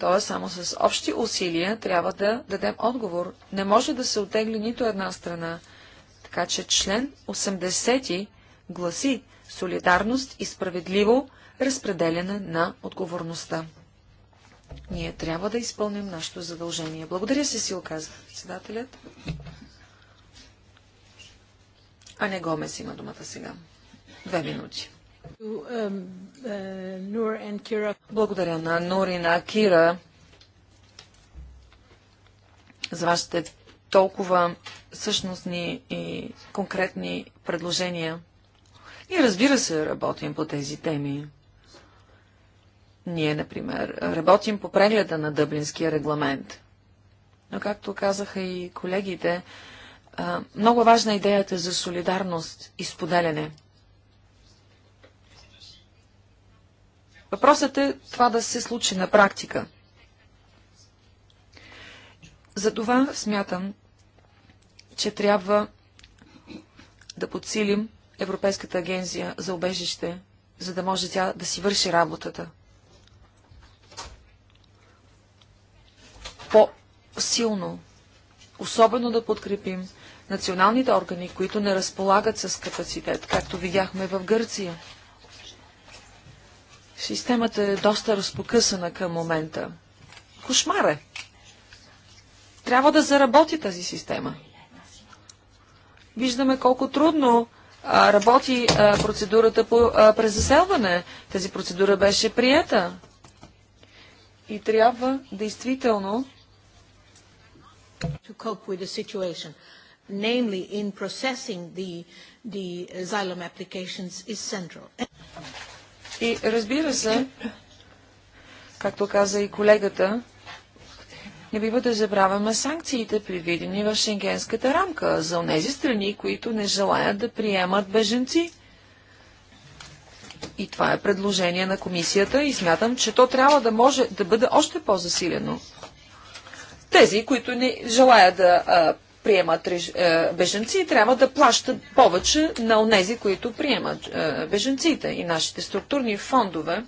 Тоест, само с общи усилия трябва да дадем отговор. Не може да се отегли нито една страна. Така че член 80 гласи солидарност и справедливо разпределяне на отговорността. Ние трябва да изпълним нашето задължение. Благодаря се, си оказа председателят. А не Гомес има думата сега. Две минути. Благодаря на Нур и на Кира за вашите толкова същностни и конкретни предложения. И разбира се, работим по тези теми. Ние, например, работим по прегледа на Дъблинския регламент. Но както казаха и колегите, много важна е идеята за солидарност и споделяне. Въпросът е това да се случи на практика. Затова смятам, че трябва да подсилим Европейската агенция за обежище, за да може тя да си върши работата. По-силно. Особено да подкрепим националните органи, които не разполагат с капацитет, както видяхме в Гърция. Системата е доста разпокъсана към момента. Кошмар е! Трябва да заработи тази система. Виждаме колко трудно а, работи а, процедурата по презаселване. Тази процедура беше прията. И трябва действително namely in processing the, the asylum applications, is central. И разбира се, както каза и колегата, не бива да забравяме санкциите, предвидени в шенгенската рамка за тези страни, които не желаят да приемат беженци. И това е предложение на комисията и смятам, че то трябва да може да бъде още по-засилено. Тези, които не желаят да а, приемат е, беженци, трябва да плащат повече на онези, които приемат е, беженците и нашите структурни фондове.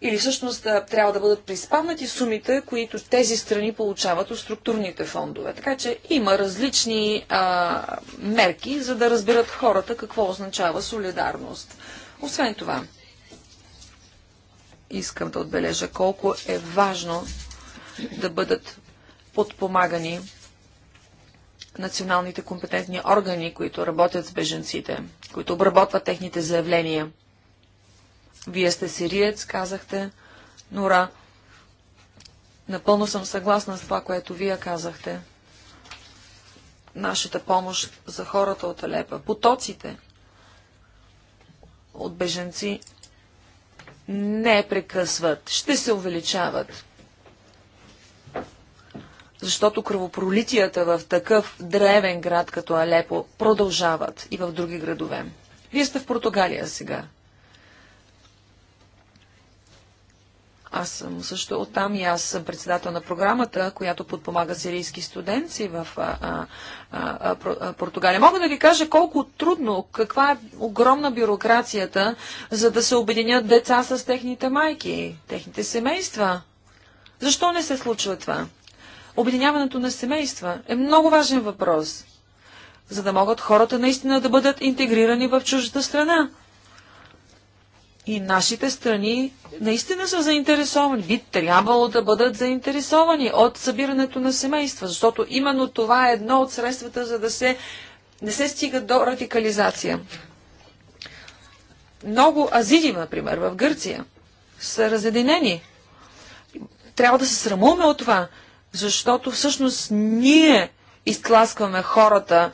Или всъщност е, трябва да бъдат приспаднати сумите, които тези страни получават от структурните фондове. Така че има различни а, мерки, за да разберат хората какво означава солидарност. Освен това, искам да отбележа колко е важно да бъдат подпомагани националните компетентни органи, които работят с беженците, които обработват техните заявления. Вие сте сириец, казахте, Нора. Напълно съм съгласна с това, което вие казахте. Нашата помощ за хората от Алепа. Потоците от беженци не прекъсват, ще се увеличават защото кръвопролитията в такъв древен град като Алепо продължават и в други градове. Вие сте в Португалия сега. Аз съм също оттам и аз съм председател на програмата, която подпомага сирийски студенти в а, а, а, Португалия. Мога да ви кажа колко трудно, каква е огромна бюрокрацията, за да се обединят деца с техните майки, техните семейства. Защо не се случва това? обединяването на семейства е много важен въпрос, за да могат хората наистина да бъдат интегрирани в чуждата страна. И нашите страни наистина са заинтересовани, би трябвало да бъдат заинтересовани от събирането на семейства, защото именно това е едно от средствата, за да се не се стига до радикализация. Много азиди, например, в Гърция са разединени. Трябва да се срамуваме от това защото всъщност ние изтласкваме хората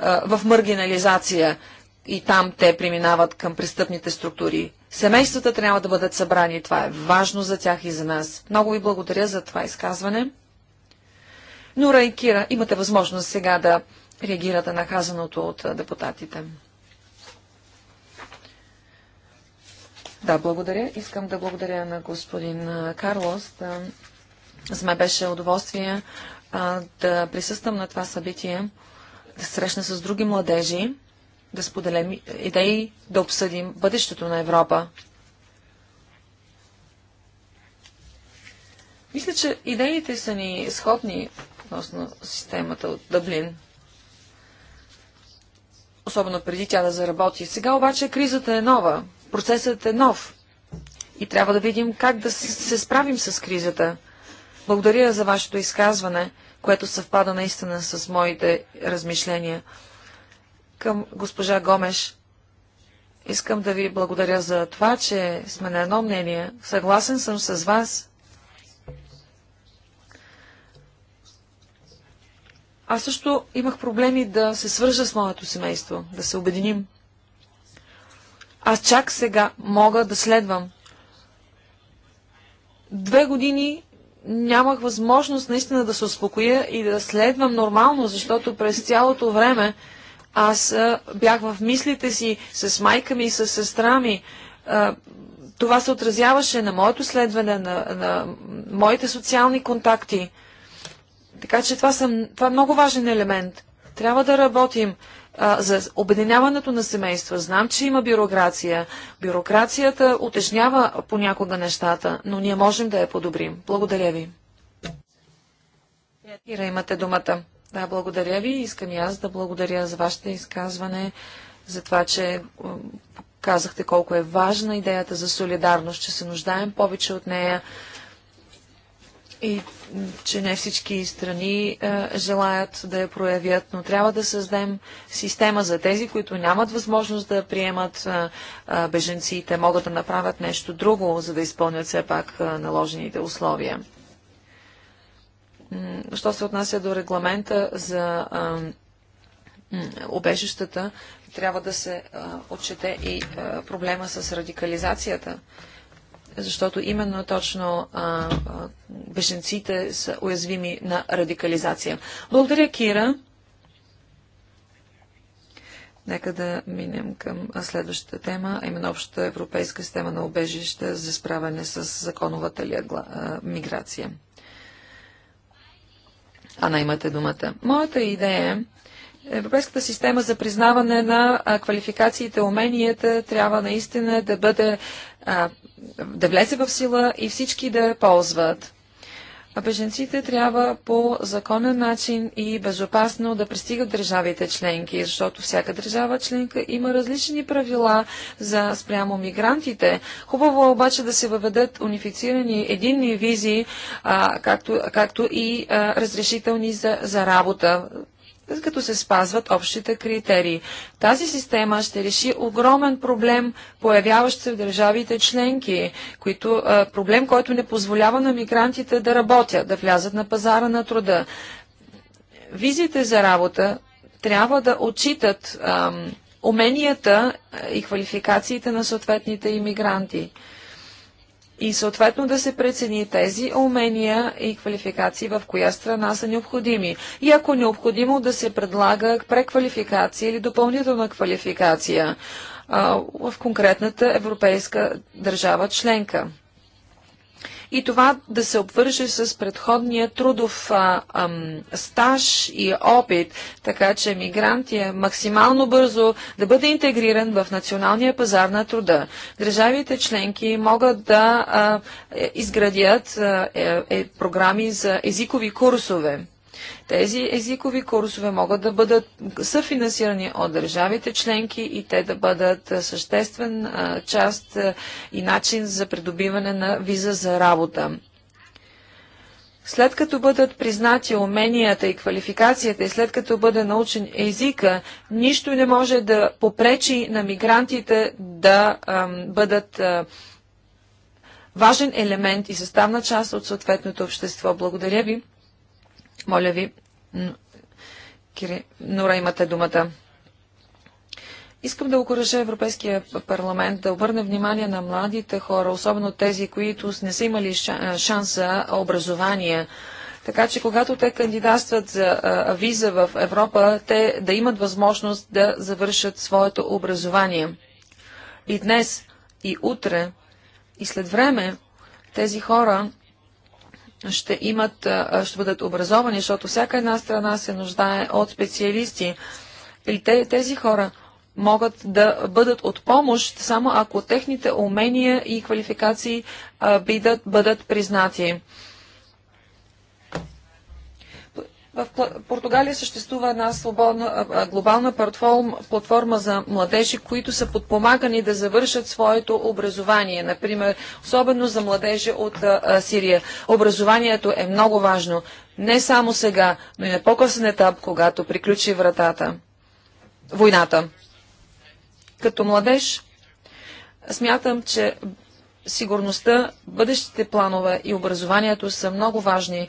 а, в маргинализация и там те преминават към престъпните структури. Семействата трябва да бъдат събрани. Това е важно за тях и за нас. Много ви благодаря за това изказване. Нора и Кира, имате възможност сега да реагирате на казаното от депутатите. Да, благодаря. Искам да благодаря на господин Карлос да, за мен беше удоволствие а, да присъствам на това събитие, да се срещна с други младежи, да споделям идеи, да обсъдим бъдещето на Европа. Мисля, че идеите са ни сходни относно системата от Дъблин. Особено преди тя да заработи. Сега обаче кризата е нова, процесът е нов. И трябва да видим как да се справим с кризата. Благодаря за вашето изказване, което съвпада наистина с моите размишления. Към госпожа Гомеш, искам да ви благодаря за това, че сме на едно мнение. Съгласен съм с вас. Аз също имах проблеми да се свържа с моето семейство, да се обединим. Аз чак сега мога да следвам. Две години нямах възможност наистина да се успокоя и да следвам нормално, защото през цялото време аз бях в мислите си с майка ми и с сестра ми. това се отразяваше на моето следване, на, на моите социални контакти. Така че това, съм, това е много важен елемент. Трябва да работим за обединяването на семейства. Знам, че има бюрокрация. Бюрокрацията утежнява понякога нещата, но ние можем да я подобрим. Благодаря ви. Ира, имате думата. Да, благодаря ви. Искам и аз да благодаря за вашето изказване, за това, че казахте колко е важна идеята за солидарност, че се нуждаем повече от нея. И че не всички страни е, желаят да я проявят, но трябва да създадем система за тези, които нямат възможност да приемат е, е, беженци, и те могат да направят нещо друго, за да изпълнят все пак наложените условия. Що се отнася до регламента за обежищата, трябва да се отчете и проблема с радикализацията защото именно точно а, беженците са уязвими на радикализация. Благодаря, Кира. Нека да минем към следващата тема, а именно общата европейска система на обежище за справяне с законовата ли миграция. Ана, имате думата. Моята идея е, Европейската система за признаване на квалификациите, уменията трябва наистина да бъде а, да влезе в сила и всички да я ползват. А беженците трябва по законен начин и безопасно да пристигат държавите членки, защото всяка държава членка има различни правила за спрямо мигрантите. Хубаво е обаче да се въведат унифицирани единни визи, а, както, както и а, разрешителни за, за работа като се спазват общите критерии. Тази система ще реши огромен проблем, появяващ се в държавите членки, които, проблем, който не позволява на мигрантите да работят, да влязат на пазара на труда. Визите за работа трябва да отчитат уменията и квалификациите на съответните иммигранти и съответно да се прецени тези умения и квалификации в коя страна са необходими. И ако е необходимо да се предлага преквалификация или допълнителна квалификация а, в конкретната европейска държава членка и това да се обвърже с предходния трудов а, ам, стаж и опит, така че мигрант е максимално бързо да бъде интегриран в националния пазар на труда. Държавите членки могат да а, е, изградят а, е, е, програми за езикови курсове тези езикови курсове могат да бъдат съфинансирани от държавите членки и те да бъдат съществен част и начин за придобиване на виза за работа. След като бъдат признати уменията и квалификацията и след като бъде научен езика, нищо не може да попречи на мигрантите да бъдат а, важен елемент и съставна част от съответното общество. Благодаря ви. Моля ви, Кири... Нора, имате думата. Искам да окоръжа Европейския парламент да обърне внимание на младите хора, особено тези, които не са имали шанс за образование. Така че, когато те кандидатстват за виза в Европа, те да имат възможност да завършат своето образование. И днес, и утре, и след време, тези хора ще, имат, ще бъдат образовани, защото всяка една страна се нуждае от специалисти. И тези хора могат да бъдат от помощ, само ако техните умения и квалификации бидат, бъдат признати. В Португалия съществува една свободна глобална платформа за младежи, които са подпомагани да завършат своето образование. Например, особено за младежи от Сирия. Образованието е много важно. Не само сега, но и на по-късен етап, когато приключи вратата. Войната. Като младеж, смятам, че сигурността, бъдещите планове и образованието са много важни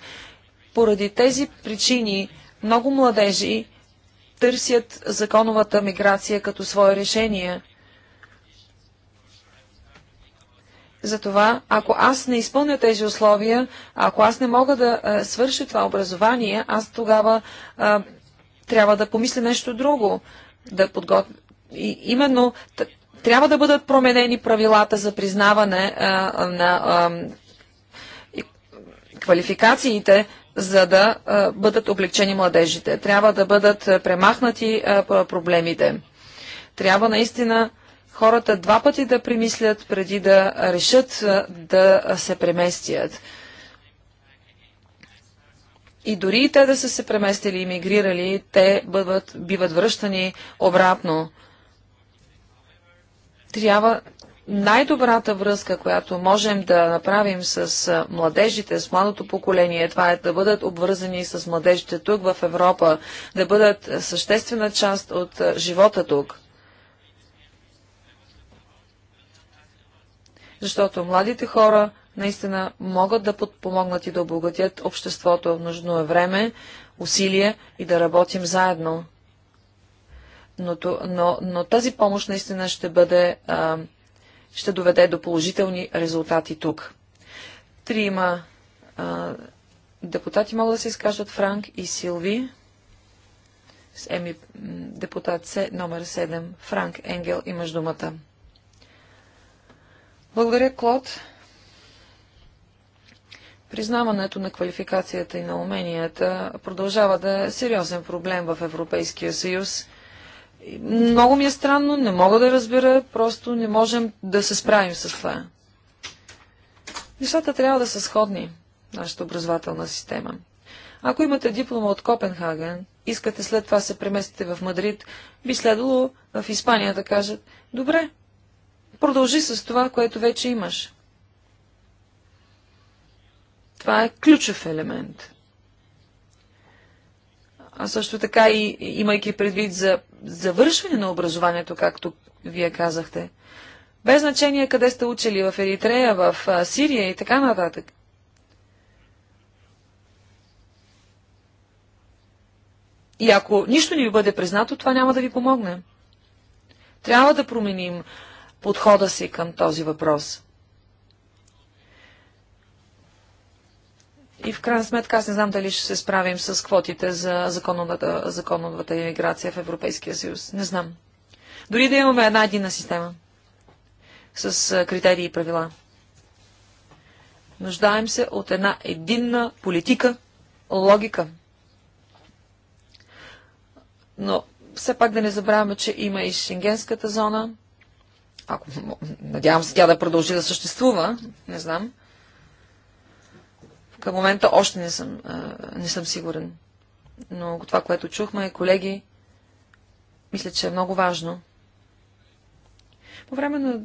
поради тези причини много младежи търсят законовата миграция като свое решение. Затова, ако аз не изпълня тези условия, ако аз не мога да свърша това образование, аз тогава а, трябва да помисля нещо друго. Да подготвя. И именно трябва да бъдат променени правилата за признаване а, на а, квалификациите за да а, бъдат облегчени младежите. Трябва да бъдат премахнати а, проблемите. Трябва наистина хората два пъти да премислят преди да решат да се преместят. И дори и те да са се преместили и мигрирали, те бъдат, биват връщани обратно. Трябва най-добрата връзка, която можем да направим с младежите, с младото поколение, това е да бъдат обвързани с младежите тук в Европа, да бъдат съществена част от живота тук. Защото младите хора наистина могат да подпомогнат и да обогатят обществото. Нужно е време, усилие и да работим заедно. Но, но, но тази помощ наистина ще бъде а, ще доведе до положителни резултати тук. Трима има депутати могат да се изкажат Франк и Силви. С еми, депутат С, номер 7. Франк Енгел, и думата. Благодаря, Клод. Признаването на квалификацията и на уменията продължава да е сериозен проблем в Европейския съюз много ми е странно, не мога да разбера, просто не можем да се справим с това. Нещата трябва да са сходни, нашата образователна система. Ако имате диплома от Копенхаген, искате след това се преместите в Мадрид, би следвало в Испания да кажат, добре, продължи с това, което вече имаш. Това е ключов елемент а също така и имайки предвид за завършване на образованието, както вие казахте. Без значение къде сте учили, в Еритрея, в Сирия и така нататък. И ако нищо не ви бъде признато, това няма да ви помогне. Трябва да променим подхода си към този въпрос. И в крайна сметка аз не знам дали ще се справим с квотите за законовата, законовата иммиграция в Европейския съюз. Не знам. Дори да имаме една единна система с критерии и правила. Нуждаем се от една единна политика, логика. Но все пак да не забравяме, че има и Шенгенската зона. Ако, надявам се тя да продължи да съществува, не знам. Към момента още не съм, не съм сигурен. Но това, което чухме, колеги, мисля, че е много важно. По време на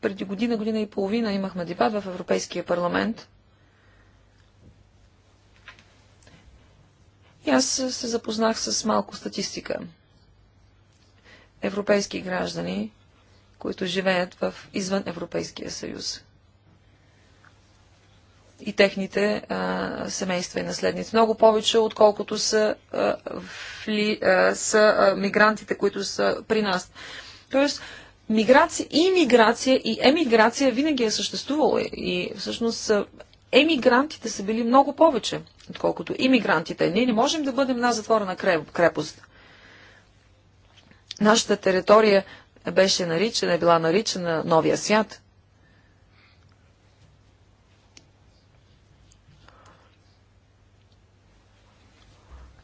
преди година, година и половина имахме дебат в Европейския парламент. И аз се запознах с малко статистика. Европейски граждани, които живеят в извън Европейския съюз и техните а, семейства и наследници. Много повече, отколкото са, а, фли, а, са а, мигрантите, които са при нас. Тоест, миграция, и миграция, и емиграция винаги е съществувала. И всъщност емигрантите са били много повече, отколкото иммигрантите. Ние не можем да бъдем на затворена на крепост. Нашата територия беше наричана, е била наричана Новия свят –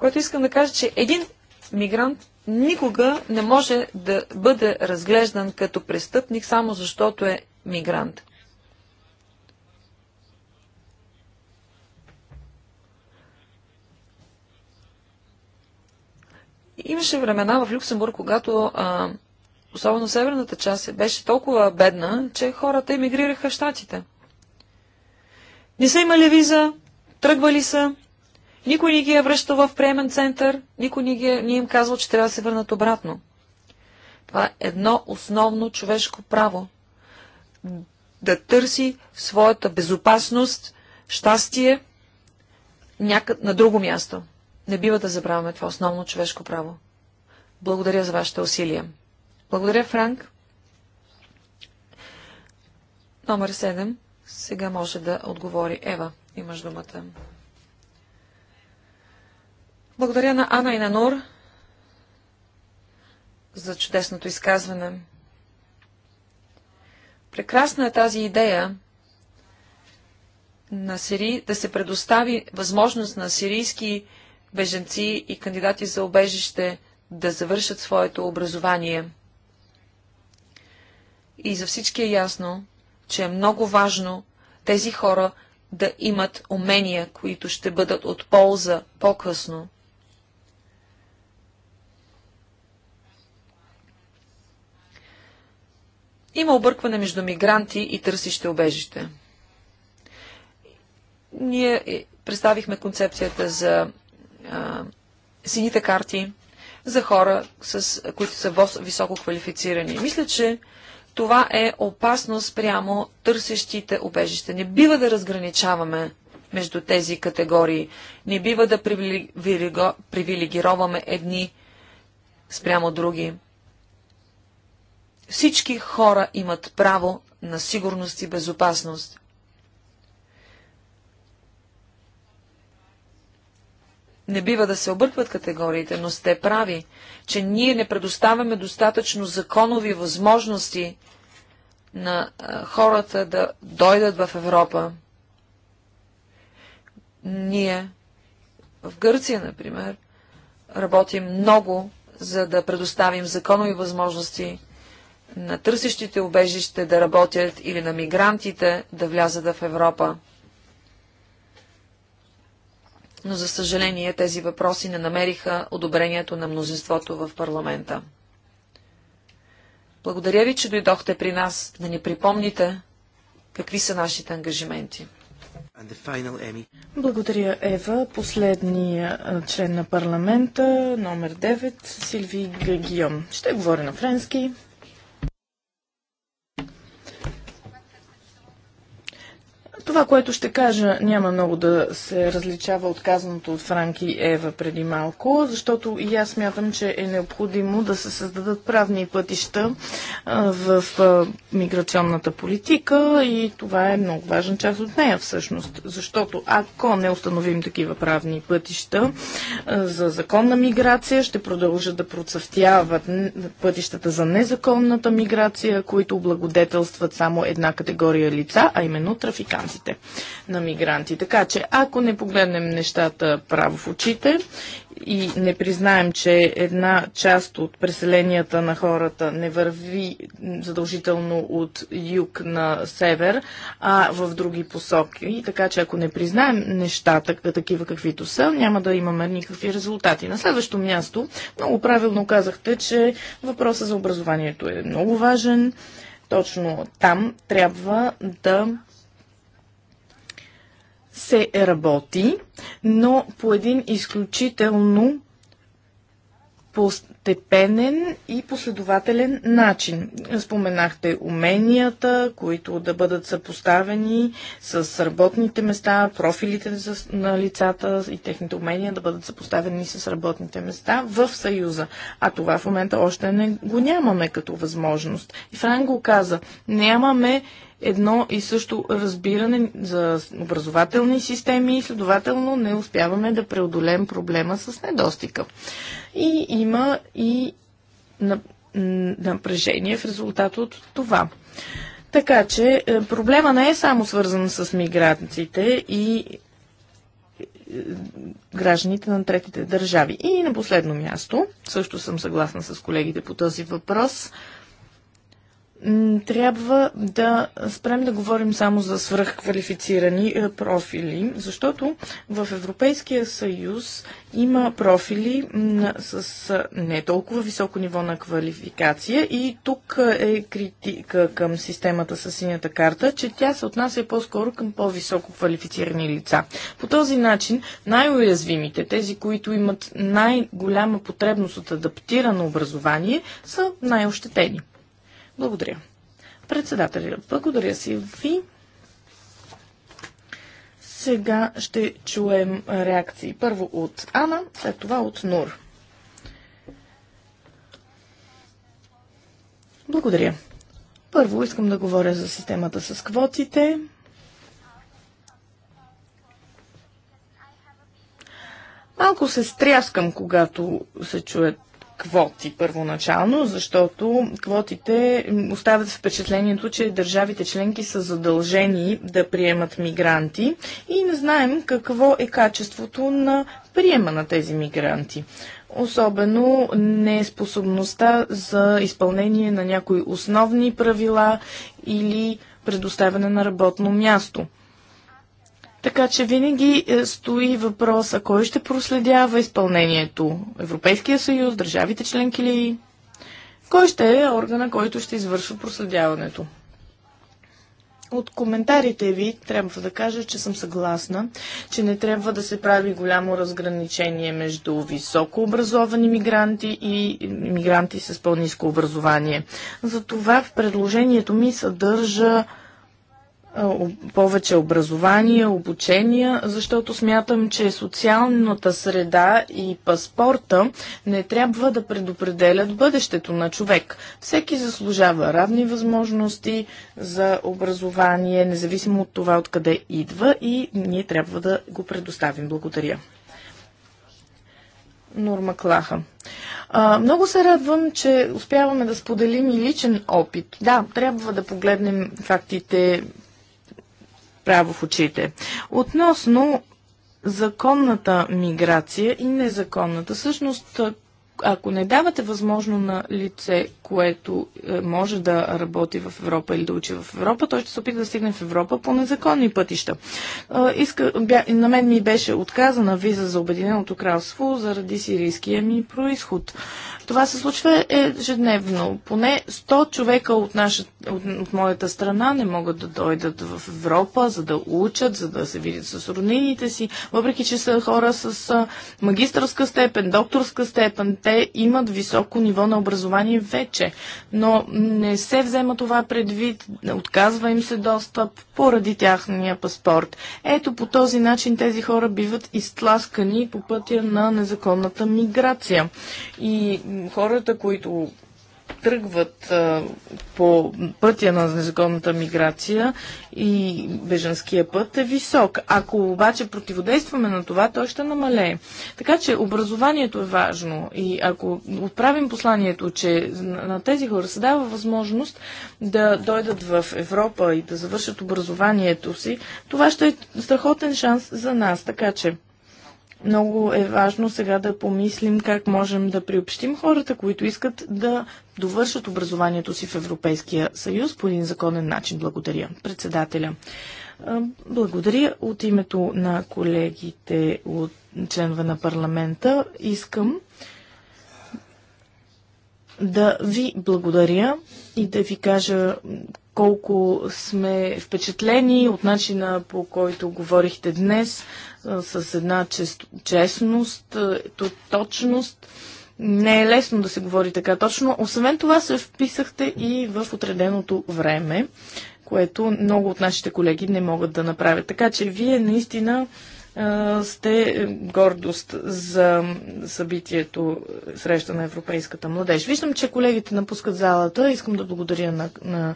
което искам да кажа, че един мигрант никога не може да бъде разглеждан като престъпник само защото е мигрант. Имаше времена в Люксембург, когато а, особено северната част беше толкова бедна, че хората емигрираха в щатите. Не са имали виза, тръгвали са, никой не ги е връщал в приемен център, никой не, ги, е- не им казва, че трябва да се върнат обратно. Това е едно основно човешко право. Да търси своята безопасност, щастие някъд на друго място. Не бива да забравяме това основно човешко право. Благодаря за вашите усилия. Благодаря, Франк. Номер 7. Сега може да отговори Ева. Имаш думата. Благодаря на Ана и на Нур за чудесното изказване. Прекрасна е тази идея на Сири, да се предостави възможност на сирийски беженци и кандидати за обежище да завършат своето образование. И за всички е ясно, че е много важно тези хора да имат умения, които ще бъдат от полза по-късно Има объркване между мигранти и търсище обежище. Ние е, представихме концепцията за а, сините карти за хора, с, които са високо квалифицирани. Мисля, че това е опасно спрямо търсещите обежище. Не бива да разграничаваме между тези категории. Не бива да привилегироваме едни спрямо други. Всички хора имат право на сигурност и безопасност. Не бива да се объркват категориите, но сте прави, че ние не предоставяме достатъчно законови възможности на хората да дойдат в Европа. Ние в Гърция, например, работим много, за да предоставим законови възможности на търсещите обежище да работят или на мигрантите да влязат в Европа. Но за съжаление тези въпроси не намериха одобрението на мнозинството в парламента. Благодаря ви, че дойдохте при нас да ни припомните какви са нашите ангажименти. Благодаря, Ева. Последния член на парламента, номер 9, Силви Гагион. Ще говоря на френски. Това, което ще кажа, няма много да се различава от казаното от Франки Ева преди малко, защото и аз смятам, че е необходимо да се създадат правни пътища в миграционната политика и това е много важен част от нея всъщност. Защото ако не установим такива правни пътища за законна миграция, ще продължат да процъфтяват пътищата за незаконната миграция, които облагодетелстват само една категория лица, а именно трафикантите границите на мигранти. Така че, ако не погледнем нещата право в очите и не признаем, че една част от преселенията на хората не върви задължително от юг на север, а в други посоки. И така че ако не признаем нещата такива каквито са, няма да имаме никакви резултати. На следващо място, много правилно казахте, че въпросът за образованието е много важен. Точно там трябва да се работи, но по един изключително постепенен и последователен начин. Споменахте уменията, които да бъдат съпоставени с работните места, профилите на лицата и техните умения да бъдат съпоставени с работните места в Съюза. А това в момента още не го нямаме като възможност. И Франк го каза, нямаме едно и също разбиране за образователни системи и следователно не успяваме да преодолем проблема с недостига. И има и напрежение в резултат от това. Така че е, проблема не е само свързан с мигрантите и е, гражданите на третите държави. И на последно място, също съм съгласна с колегите по този въпрос, трябва да спрем да говорим само за свръхквалифицирани е, профили, защото в Европейския съюз има профили с не толкова високо ниво на квалификация и тук е критика към системата с синята карта, че тя се отнася по-скоро към по-високо квалифицирани лица. По този начин най-уязвимите, тези, които имат най-голяма потребност от адаптирано образование, са най-ощетени. Благодаря. Председателя, благодаря си ви. Сега ще чуем реакции. Първо от Ана, след това от Нур. Благодаря. Първо искам да говоря за системата с квотите. Малко се стряскам, когато се чуят квоти първоначално, защото квотите оставят впечатлението, че държавите членки са задължени да приемат мигранти и не знаем какво е качеството на приема на тези мигранти особено неспособността за изпълнение на някои основни правила или предоставяне на работно място. Така че винаги е, стои въпроса кой ще проследява изпълнението? Европейския съюз, държавите членки ли? Кой ще е органа, който ще извършва проследяването? От коментарите ви трябва да кажа, че съм съгласна, че не трябва да се прави голямо разграничение между високо образовани мигранти и мигранти с по-низко образование. Затова в предложението ми съдържа повече образование, обучение, защото смятам, че социалната среда и паспорта не трябва да предопределят бъдещето на човек. Всеки заслужава равни възможности за образование, независимо от това откъде идва и ние трябва да го предоставим. Благодаря. Норма Клаха. А, много се радвам, че успяваме да споделим и личен опит. Да, трябва да погледнем фактите право в очите. Относно законната миграция и незаконната. Всъщност ако не давате възможно на лице, което е, може да работи в Европа или да учи в Европа, той ще се опита да стигне в Европа по незаконни пътища. Иска, бя, на мен ми беше отказана виза за Обединеното кралство заради сирийския ми происход. Това се случва ежедневно. Поне 100 човека от, наша, от, от моята страна не могат да дойдат в Европа, за да учат, за да се видят с роднините си, въпреки че са хора с магистърска степен, докторска степен, те имат високо ниво на образование вече, но не се взема това предвид, отказва им се достъп поради тяхния паспорт. Ето по този начин тези хора биват изтласкани по пътя на незаконната миграция. И хората, които тръгват а, по пътя на незаконната миграция и беженския път е висок. Ако обаче противодействаме на това, той ще намалее. Така че образованието е важно и ако отправим посланието, че на тези хора се дава възможност да дойдат в Европа и да завършат образованието си, това ще е страхотен шанс за нас. Така че много е важно сега да помислим как можем да приобщим хората, които искат да довършат образованието си в Европейския съюз по един законен начин. Благодаря. Председателя. Благодаря от името на колегите от членове на парламента. Искам да ви благодаря и да ви кажа колко сме впечатлени от начина по който говорихте днес с една честност, точност. Не е лесно да се говори така точно. Освен това се вписахте и в отреденото време, което много от нашите колеги не могат да направят. Така че вие наистина сте гордост за събитието среща на Европейската младеж. Виждам, че колегите напускат залата. Искам да благодаря на, на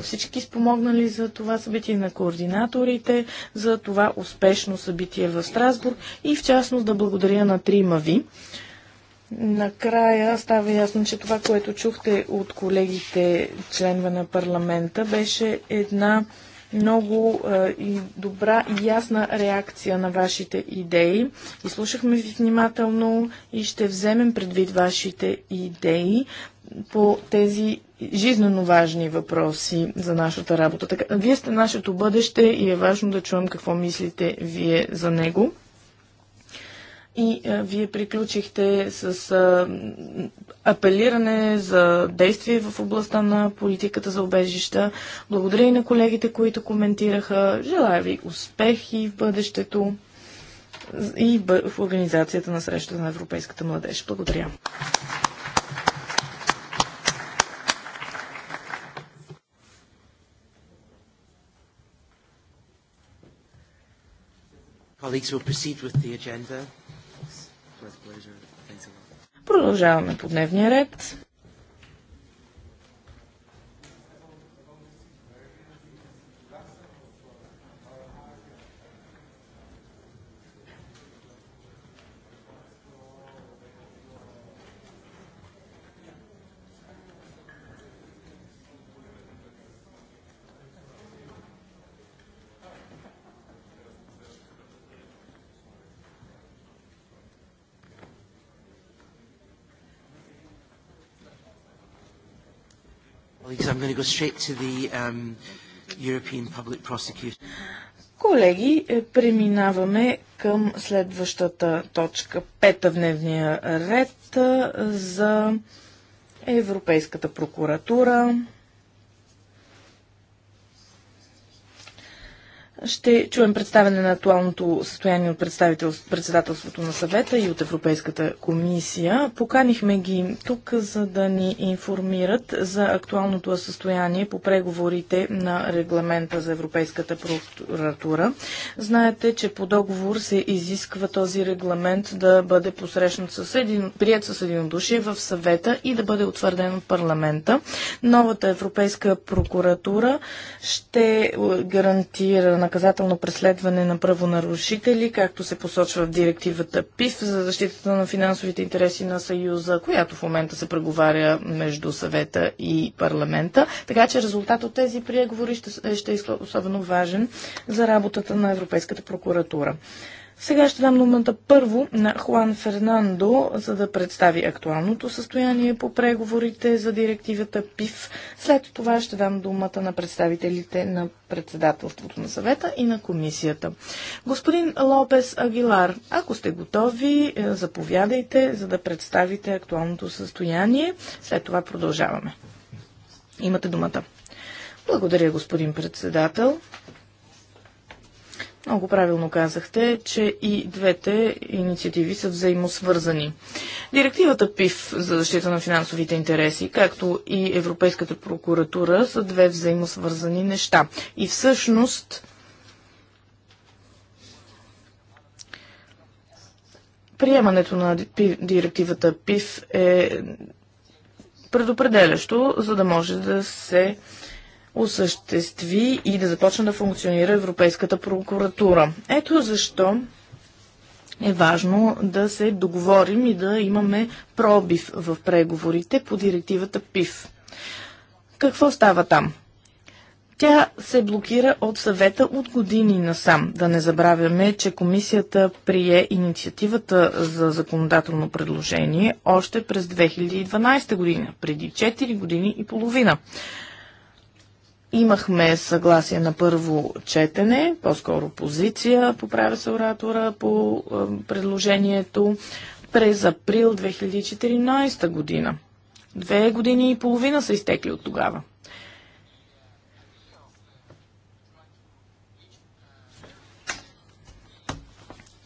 всички спомогнали за това събитие, на координаторите, за това успешно събитие в Страсбург и в частност да благодаря на трима ви. Накрая става ясно, че това, което чухте от колегите членове на парламента, беше една много а, и добра и ясна реакция на вашите идеи. Изслушахме ви внимателно и ще вземем предвид вашите идеи по тези жизненно важни въпроси за нашата работа. Така, вие сте нашето бъдеще и е важно да чуем какво мислите вие за него. И а, вие приключихте с а, апелиране за действие в областта на политиката за обежища. Благодаря и на колегите, които коментираха. Желая ви успех и в бъдещето и в организацията на срещата на Европейската младеж. Благодаря. Colleagues, will proceed with the agenda. Продължаваме по дневния ред. Um, Колеги, е, преминаваме към следващата точка, пета в дневния ред е, за Европейската прокуратура. Ще чуем представяне на актуалното състояние от председателството на съвета и от Европейската комисия. Поканихме ги тук, за да ни информират за актуалното състояние по преговорите на регламента за Европейската прокуратура. Знаете, че по договор се изисква този регламент да бъде посрещнат с един, прият с единодушие в съвета и да бъде утвърден от парламента. Новата Европейска прокуратура ще е, гарантира на наказателно преследване на правонарушители, както се посочва в директивата ПИФ за защитата на финансовите интереси на Съюза, която в момента се преговаря между съвета и парламента. Така че резултат от тези преговори ще, ще е особено важен за работата на Европейската прокуратура. Сега ще дам думата първо на Хуан Фернандо, за да представи актуалното състояние по преговорите за директивата ПИФ. След това ще дам думата на представителите на председателството на съвета и на комисията. Господин Лопес Агилар, ако сте готови, е, заповядайте, за да представите актуалното състояние. След това продължаваме. Имате думата. Благодаря, господин председател. Много правилно казахте, че и двете инициативи са взаимосвързани. Директивата ПИФ за защита на финансовите интереси, както и Европейската прокуратура са две взаимосвързани неща. И всъщност приемането на директивата ПИФ е предопределящо, за да може да се осъществи и да започне да функционира Европейската прокуратура. Ето защо е важно да се договорим и да имаме пробив в преговорите по директивата ПИФ. Какво става там? Тя се блокира от съвета от години насам. Да не забравяме, че комисията прие инициативата за законодателно предложение още през 2012 година, преди 4 години и половина. Имахме съгласие на първо четене, по-скоро позиция, поправя се оратора по е, предложението през април 2014 година. Две години и половина са изтекли от тогава.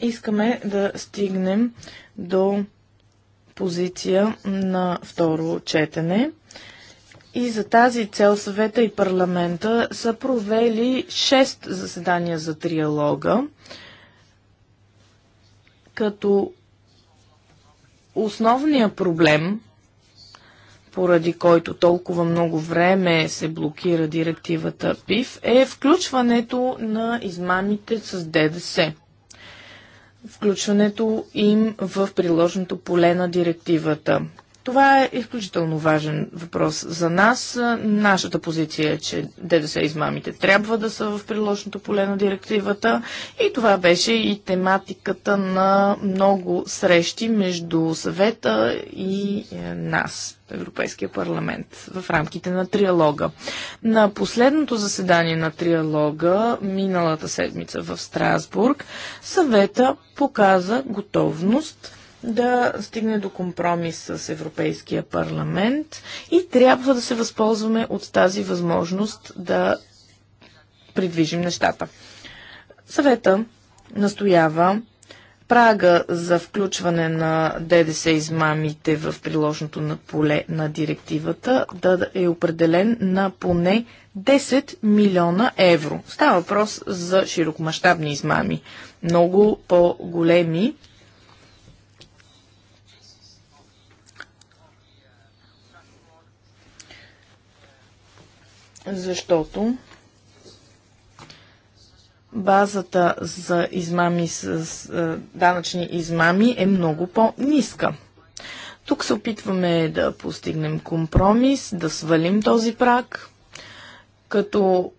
Искаме да стигнем до позиция на второ четене и за тази цел съвета и парламента са провели 6 заседания за триалога, като основният проблем, поради който толкова много време се блокира директивата ПИФ, е включването на измамите с ДДС. Включването им в приложното поле на директивата. Това е изключително важен въпрос за нас. Нашата позиция е, че ДДС измамите трябва да са в приложното поле на директивата и това беше и тематиката на много срещи между съвета и е, нас, Европейския парламент, в рамките на триалога. На последното заседание на триалога, миналата седмица в Страсбург, съвета показа готовност да стигне до компромис с Европейския парламент и трябва да се възползваме от тази възможност да придвижим нещата. Съвета настоява прага за включване на ДДС измамите в приложното на поле на директивата да е определен на поне 10 милиона евро. Става въпрос за широкомащабни измами, много по-големи защото базата за измами с данъчни измами е много по-ниска. Тук се опитваме да постигнем компромис, да свалим този прак, като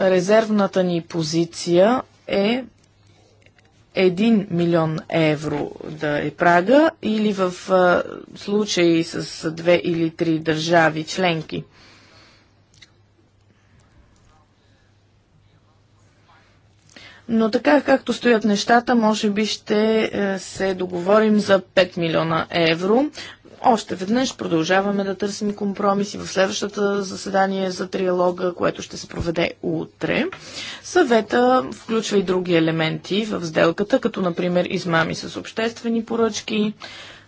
резервната ни позиция е 1 милион евро да е прага или в случаи с две или три държави членки – Но така както стоят нещата, може би ще е, се договорим за 5 милиона евро. Още веднъж продължаваме да търсим компромиси в следващата заседание за триалога, което ще се проведе утре. Съвета включва и други елементи в сделката, като например измами с обществени поръчки.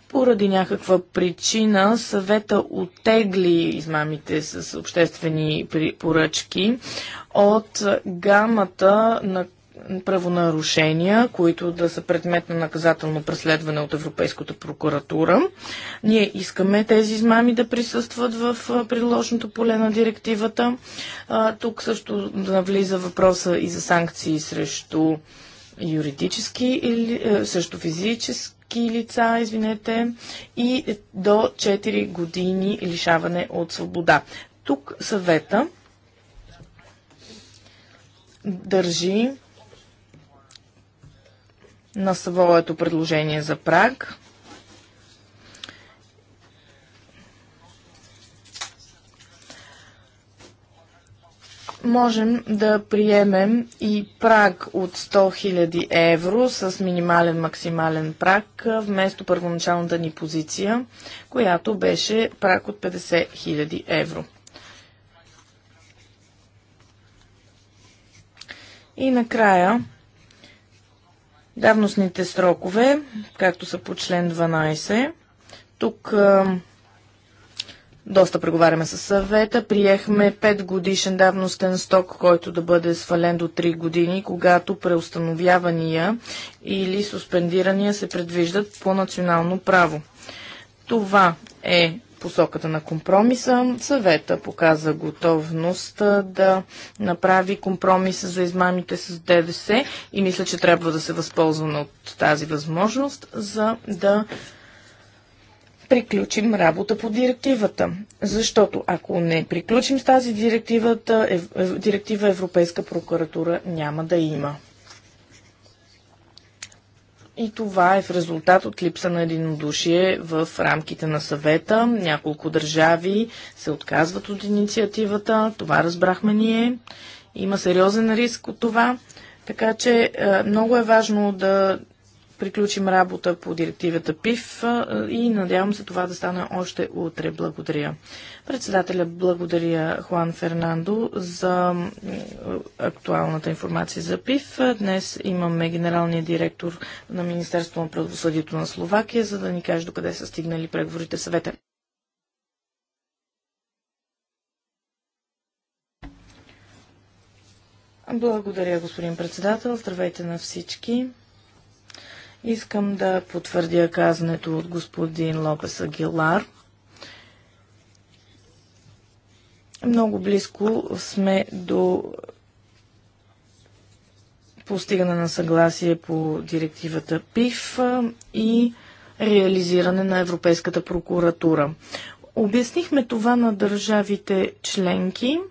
Поради някаква причина съвета отегли измамите с обществени поръчки от гамата на правонарушения, които да са предмет на наказателно преследване от Европейската прокуратура. Ние искаме тези измами да присъстват в приложното поле на директивата. Тук също навлиза въпроса и за санкции срещу юридически или е, също физически лица, извинете, и до 4 години лишаване от свобода. Тук съвета държи на своето предложение за праг. можем да приемем и праг от 100 000 евро с минимален максимален праг вместо първоначалната ни позиция, която беше праг от 50 000 евро. И накрая Давностните срокове, както са по член 12, тук доста преговаряме с съвета. Приехме 5 годишен давностен сток, който да бъде свален до 3 години, когато преустановявания или суспендирания се предвиждат по национално право. Това е посоката на компромиса. Съвета показа готовност да направи компромиса за измамите с ДДС и мисля, че трябва да се възползваме от тази възможност, за да приключим работа по директивата. Защото ако не приключим с тази директивата, директива Европейска прокуратура няма да има. И това е в резултат от липса на единодушие в рамките на съвета. Няколко държави се отказват от инициативата. Това разбрахме ние. Има сериозен риск от това. Така че е, много е важно да приключим работа по директивата ПИФ е, и надявам се това да стане още утре. Благодаря. Председателя благодаря Хуан Фернандо за актуалната информация за ПИФ. Днес имаме генералния директор на Министерство на правосъдието на Словакия, за да ни каже до къде са стигнали преговорите съвета. Благодаря, господин председател. Здравейте на всички. Искам да потвърдя казането от господин Лопес Агилар – Много близко сме до постигане на съгласие по директивата ПИФ и реализиране на Европейската прокуратура. Обяснихме това на държавите членки –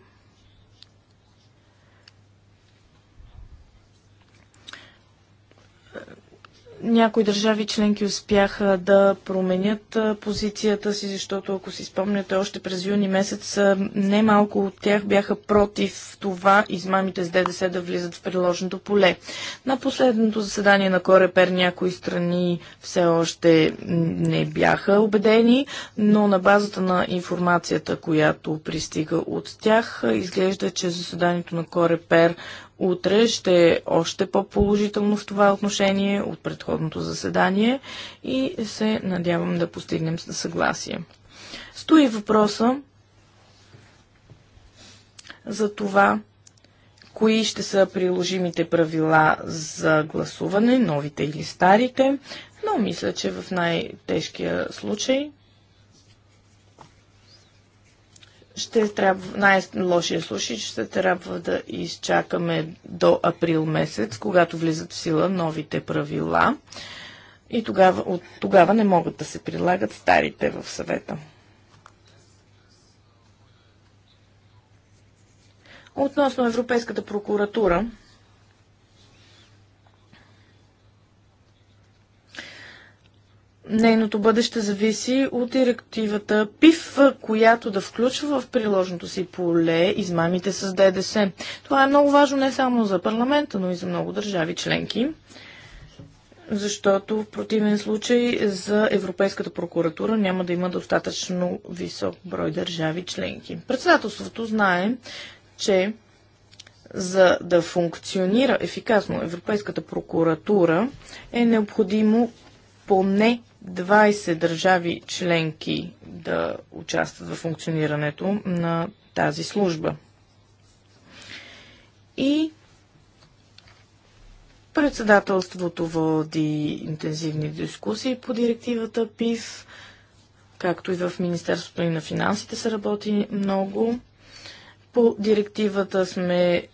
Някои държави членки успяха да променят позицията си, защото ако си спомняте, още през юни месец немалко от тях бяха против това измамите с ДДС да влизат в приложното поле. На последното заседание на Корепер някои страни все още не бяха убедени, но на базата на информацията, която пристига от тях, изглежда, че заседанието на Корепер утре ще е още по-положително в това отношение от предходното заседание и се надявам да постигнем съгласие. Стои въпроса за това, кои ще са приложимите правила за гласуване, новите или старите, но мисля, че в най-тежкия случай ще трябва, най-лошия случай, ще трябва да изчакаме до април месец, когато влизат в сила новите правила и тогава, от тогава не могат да се прилагат старите в съвета. Относно Европейската прокуратура, нейното бъдеще зависи от директивата ПИФ, която да включва в приложното си поле измамите с ДДС. Това е много важно не само за парламента, но и за много държави членки, защото в противен случай за Европейската прокуратура няма да има достатъчно висок брой държави членки. Председателството знае, че за да функционира ефикасно Европейската прокуратура е необходимо поне 20 държави членки да участват в функционирането на тази служба. И председателството води интензивни дискусии по директивата ПИФ, както и в Министерството и на финансите се работи много. По директивата сме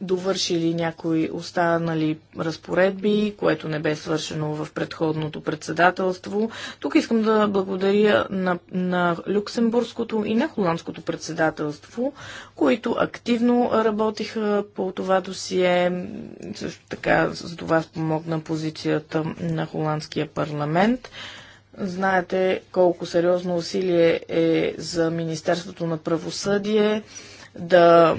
довършили някои останали разпоредби, което не бе свършено в предходното председателство. Тук искам да благодаря на, на Люксембургското и на Холандското председателство, които активно работиха по това досие. Също така за това спомогна позицията на Холандския парламент. Знаете колко сериозно усилие е за Министерството на правосъдие да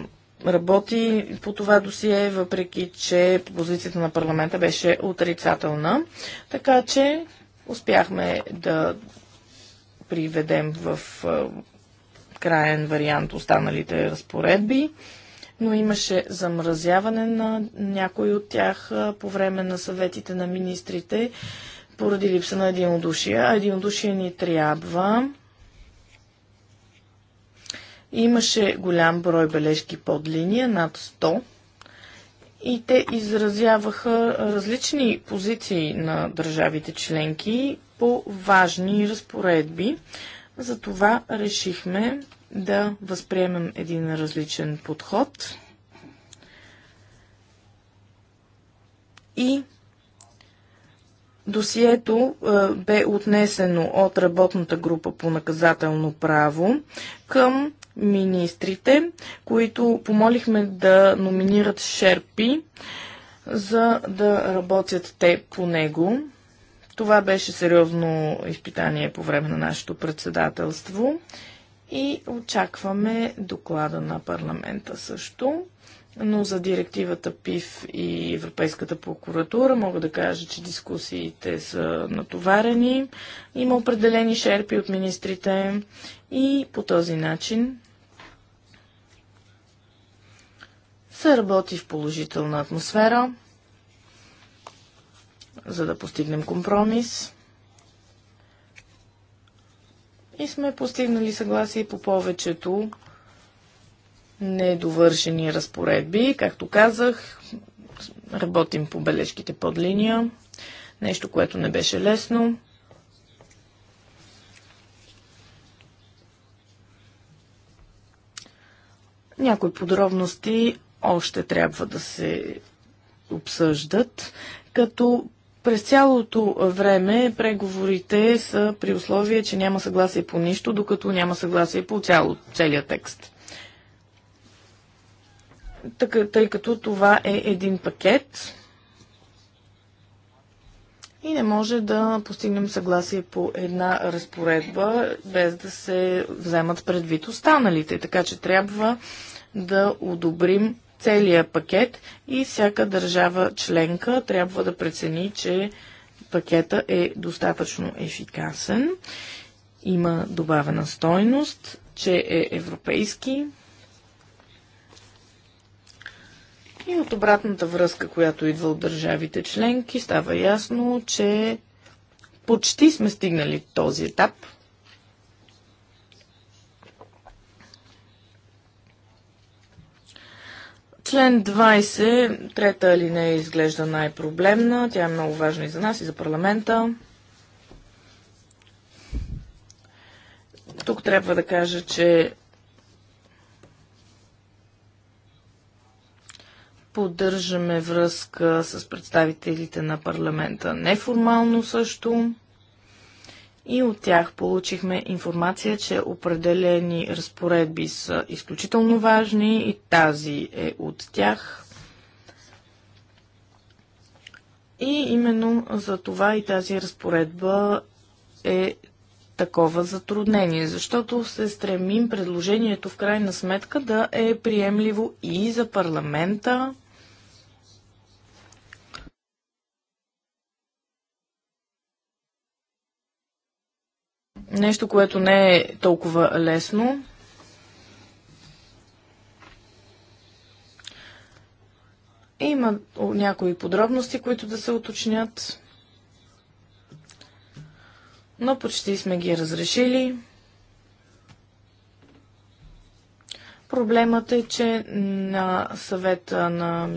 работи по това досие, въпреки че позицията на парламента беше отрицателна. Така че успяхме да приведем в краен вариант останалите разпоредби, но имаше замразяване на някои от тях по време на съветите на министрите поради липса на единодушие. А единодушие ни трябва Имаше голям брой бележки под линия, над 100, и те изразяваха различни позиции на държавите членки по важни разпоредби. Затова решихме да възприемем един различен подход и Досието бе отнесено от работната група по наказателно право към министрите, които помолихме да номинират Шерпи, за да работят те по него. Това беше сериозно изпитание по време на нашето председателство и очакваме доклада на парламента също. Но за директивата ПИФ и Европейската прокуратура мога да кажа, че дискусиите са натоварени. Има определени шерпи от министрите и по този начин се работи в положителна атмосфера, за да постигнем компромис. И сме постигнали съгласие по повечето недовършени разпоредби. Както казах, работим по бележките под линия. Нещо, което не беше лесно. Някои подробности още трябва да се обсъждат, като през цялото време преговорите са при условие, че няма съгласие по нищо, докато няма съгласие по цяло, целият текст. Тъй като това е един пакет и не може да постигнем съгласие по една разпоредба, без да се вземат предвид останалите. Така че трябва да одобрим целия пакет и всяка държава членка трябва да прецени, че пакета е достатъчно ефикасен, има добавена стойност, че е европейски. И от обратната връзка, която идва от държавите членки, става ясно, че почти сме стигнали този етап – Член 20, трета алинея изглежда най-проблемна. Тя е много важна и за нас, и за парламента. Тук трябва да кажа, че поддържаме връзка с представителите на парламента неформално също и от тях получихме информация, че определени разпоредби са изключително важни и тази е от тях. И именно за това и тази разпоредба е такова затруднение, защото се стремим предложението в крайна сметка да е приемливо и за парламента, Нещо, което не е толкова лесно. Има някои подробности, които да се уточнят, но почти сме ги разрешили. Проблемът е, че на съвета, на,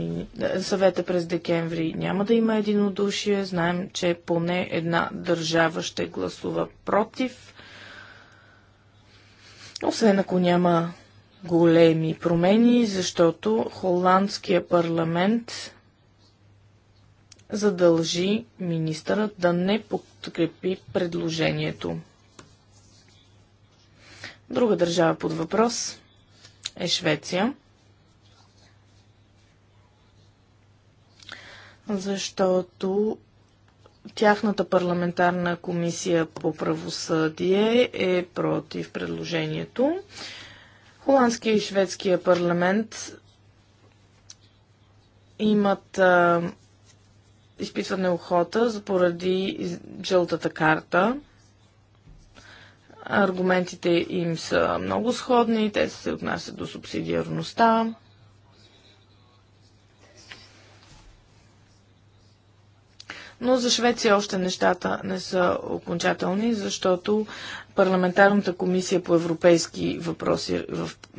съвета през декември няма да има единодушие. Знаем, че поне една държава ще гласува против. Освен ако няма големи промени, защото холандския парламент задължи министъра да не подкрепи предложението. Друга държава под въпрос е Швеция. Защото тяхната парламентарна комисия по правосъдие е против предложението. Холандския и шведския парламент имат а, изпитват неохота поради жълтата карта. Аргументите им са много сходни, те се отнасят до субсидиарността. Но за Швеция още нещата не са окончателни, защото парламентарната комисия по европейски въпроси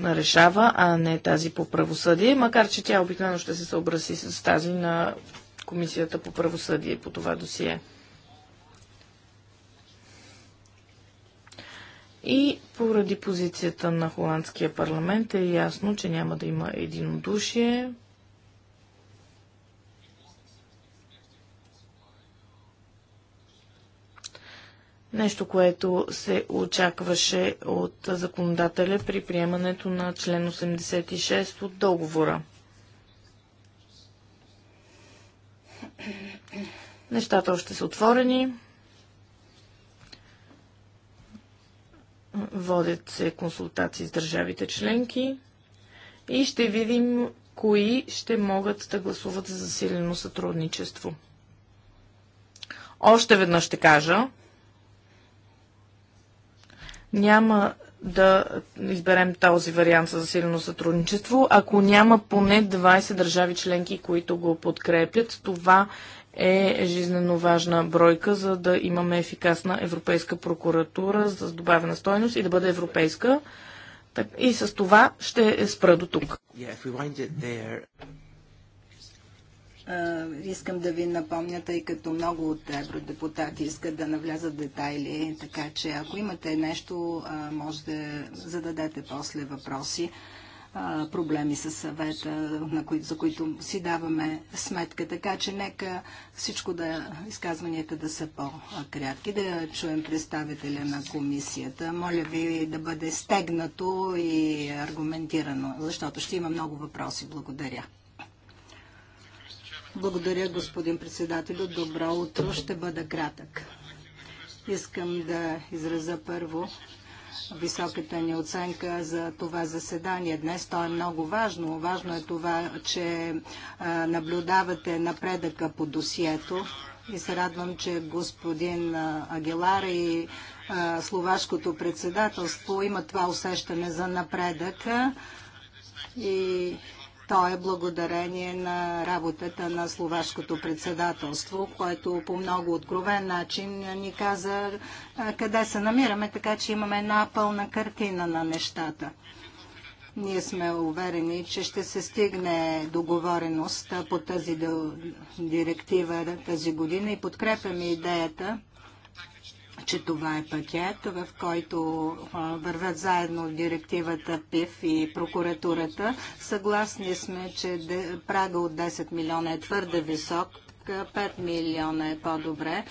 решава, а не тази по правосъдие, макар че тя обикновено ще се съобрази с тази на комисията по правосъдие по това досие. И поради позицията на Холандския парламент е ясно, че няма да има единодушие. Нещо, което се очакваше от законодателя при приемането на член 86 от договора. Нещата още са отворени. Водят се консултации с държавите членки и ще видим кои ще могат да гласуват за засилено сътрудничество. Още веднъж ще кажа, няма да изберем този вариант за засилено сътрудничество, ако няма поне 20 държави членки, които го подкрепят. Това е жизненно важна бройка, за да имаме ефикасна европейска прокуратура за добавена стойност и да бъде европейска. и с това ще спра до тук. uh, искам да ви напомня, тъй като много от евродепутати искат да навлязат детайли, така че ако имате нещо, uh, може да зададете после въпроси проблеми със съвета, на кои, за които си даваме сметка. Така че нека всичко да, изказванията да са по-кратки, да чуем представителя на комисията. Моля ви да бъде стегнато и аргументирано, защото ще има много въпроси. Благодаря. Благодаря, господин председател. Добро утро. Ще бъда кратък. Искам да изразя първо високата ни оценка за това заседание. Днес то е много важно. Важно е това, че наблюдавате напредъка по досието и се радвам, че господин Агелар и словашкото председателство има това усещане за напредък и то е благодарение на работата на словашкото председателство, което по много откровен начин ни каза къде се намираме, така че имаме една пълна картина на нещата. Ние сме уверени, че ще се стигне договореност по тази директива тази година и подкрепяме идеята че това е пакет, в който вървят върват заедно директивата ПИФ и прокуратурата. Съгласни сме, че прага от 10 милиона е твърде висок, 5 милиона е по-добре,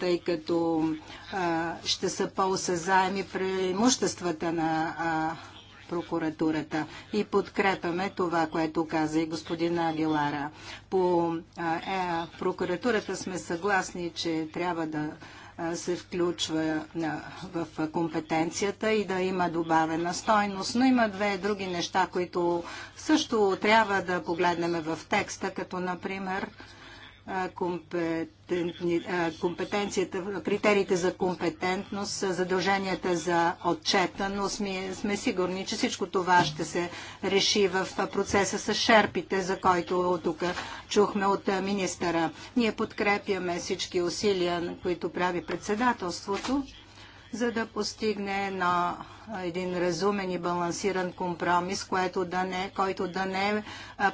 тъй като а, ще са по-осезаеми преимуществата на а, прокуратурата. И подкрепяме това, което каза и господина Агилара. По е, прокуратурата сме съгласни, че трябва да се включва в компетенцията и да има добавена стойност. Но има две други неща, които също трябва да погледнем в текста, като например компетенцията, критериите за компетентност, задълженията за отчета, но сме, сме сигурни, че всичко това ще се реши в процеса с шерпите, за който тук чухме от министъра. Ние подкрепяме всички усилия, които прави председателството за да постигне на един разумен и балансиран компромис, което да не, който да не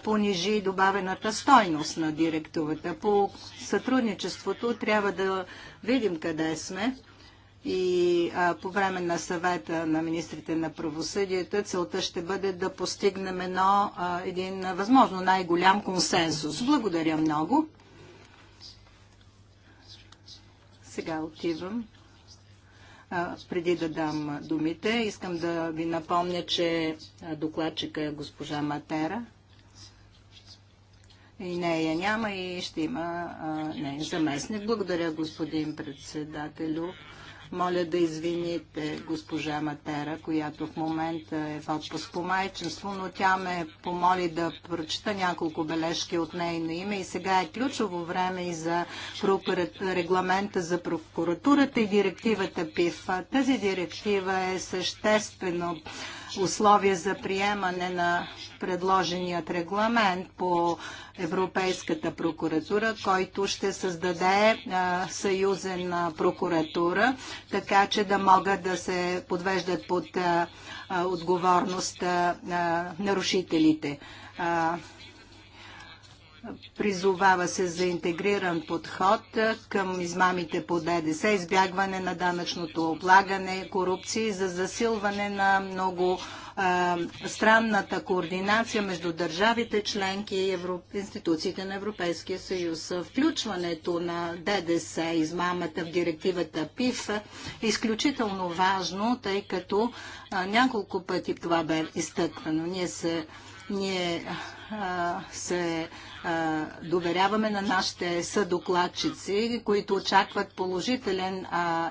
понижи добавената стойност на директивата. По сътрудничеството трябва да видим къде сме и а, по време на съвета на министрите на правосъдието целта ще бъде да постигнем едно, а, един възможно най-голям консенсус. Благодаря много. Сега отивам преди да дам думите, искам да ви напомня, че докладчика е госпожа Матера. И нея няма и ще има а, не, заместник. Благодаря, господин председателю. Моля да извините госпожа Матера, която в момента е в отпуск по майчинство, но тя ме помоли да прочита няколко бележки от нейно име и сега е ключово време и за регламента за прокуратурата и директивата ПИФ. Тази директива е съществено условия за приемане на предложеният регламент по Европейската прокуратура, който ще създаде съюзен прокуратура, така че да могат да се подвеждат под отговорност нарушителите. Призовава се за интегриран подход към измамите по ДДС, избягване на данъчното облагане, корупции, за засилване на много а, странната координация между държавите членки и евро... институциите на Европейския съюз. Включването на ДДС, измамата в директивата ПИФ е изключително важно, тъй като а, няколко пъти това бе изтъквано. Ние се ние а, се доверяваме на нашите съдокладчици, които очакват положителен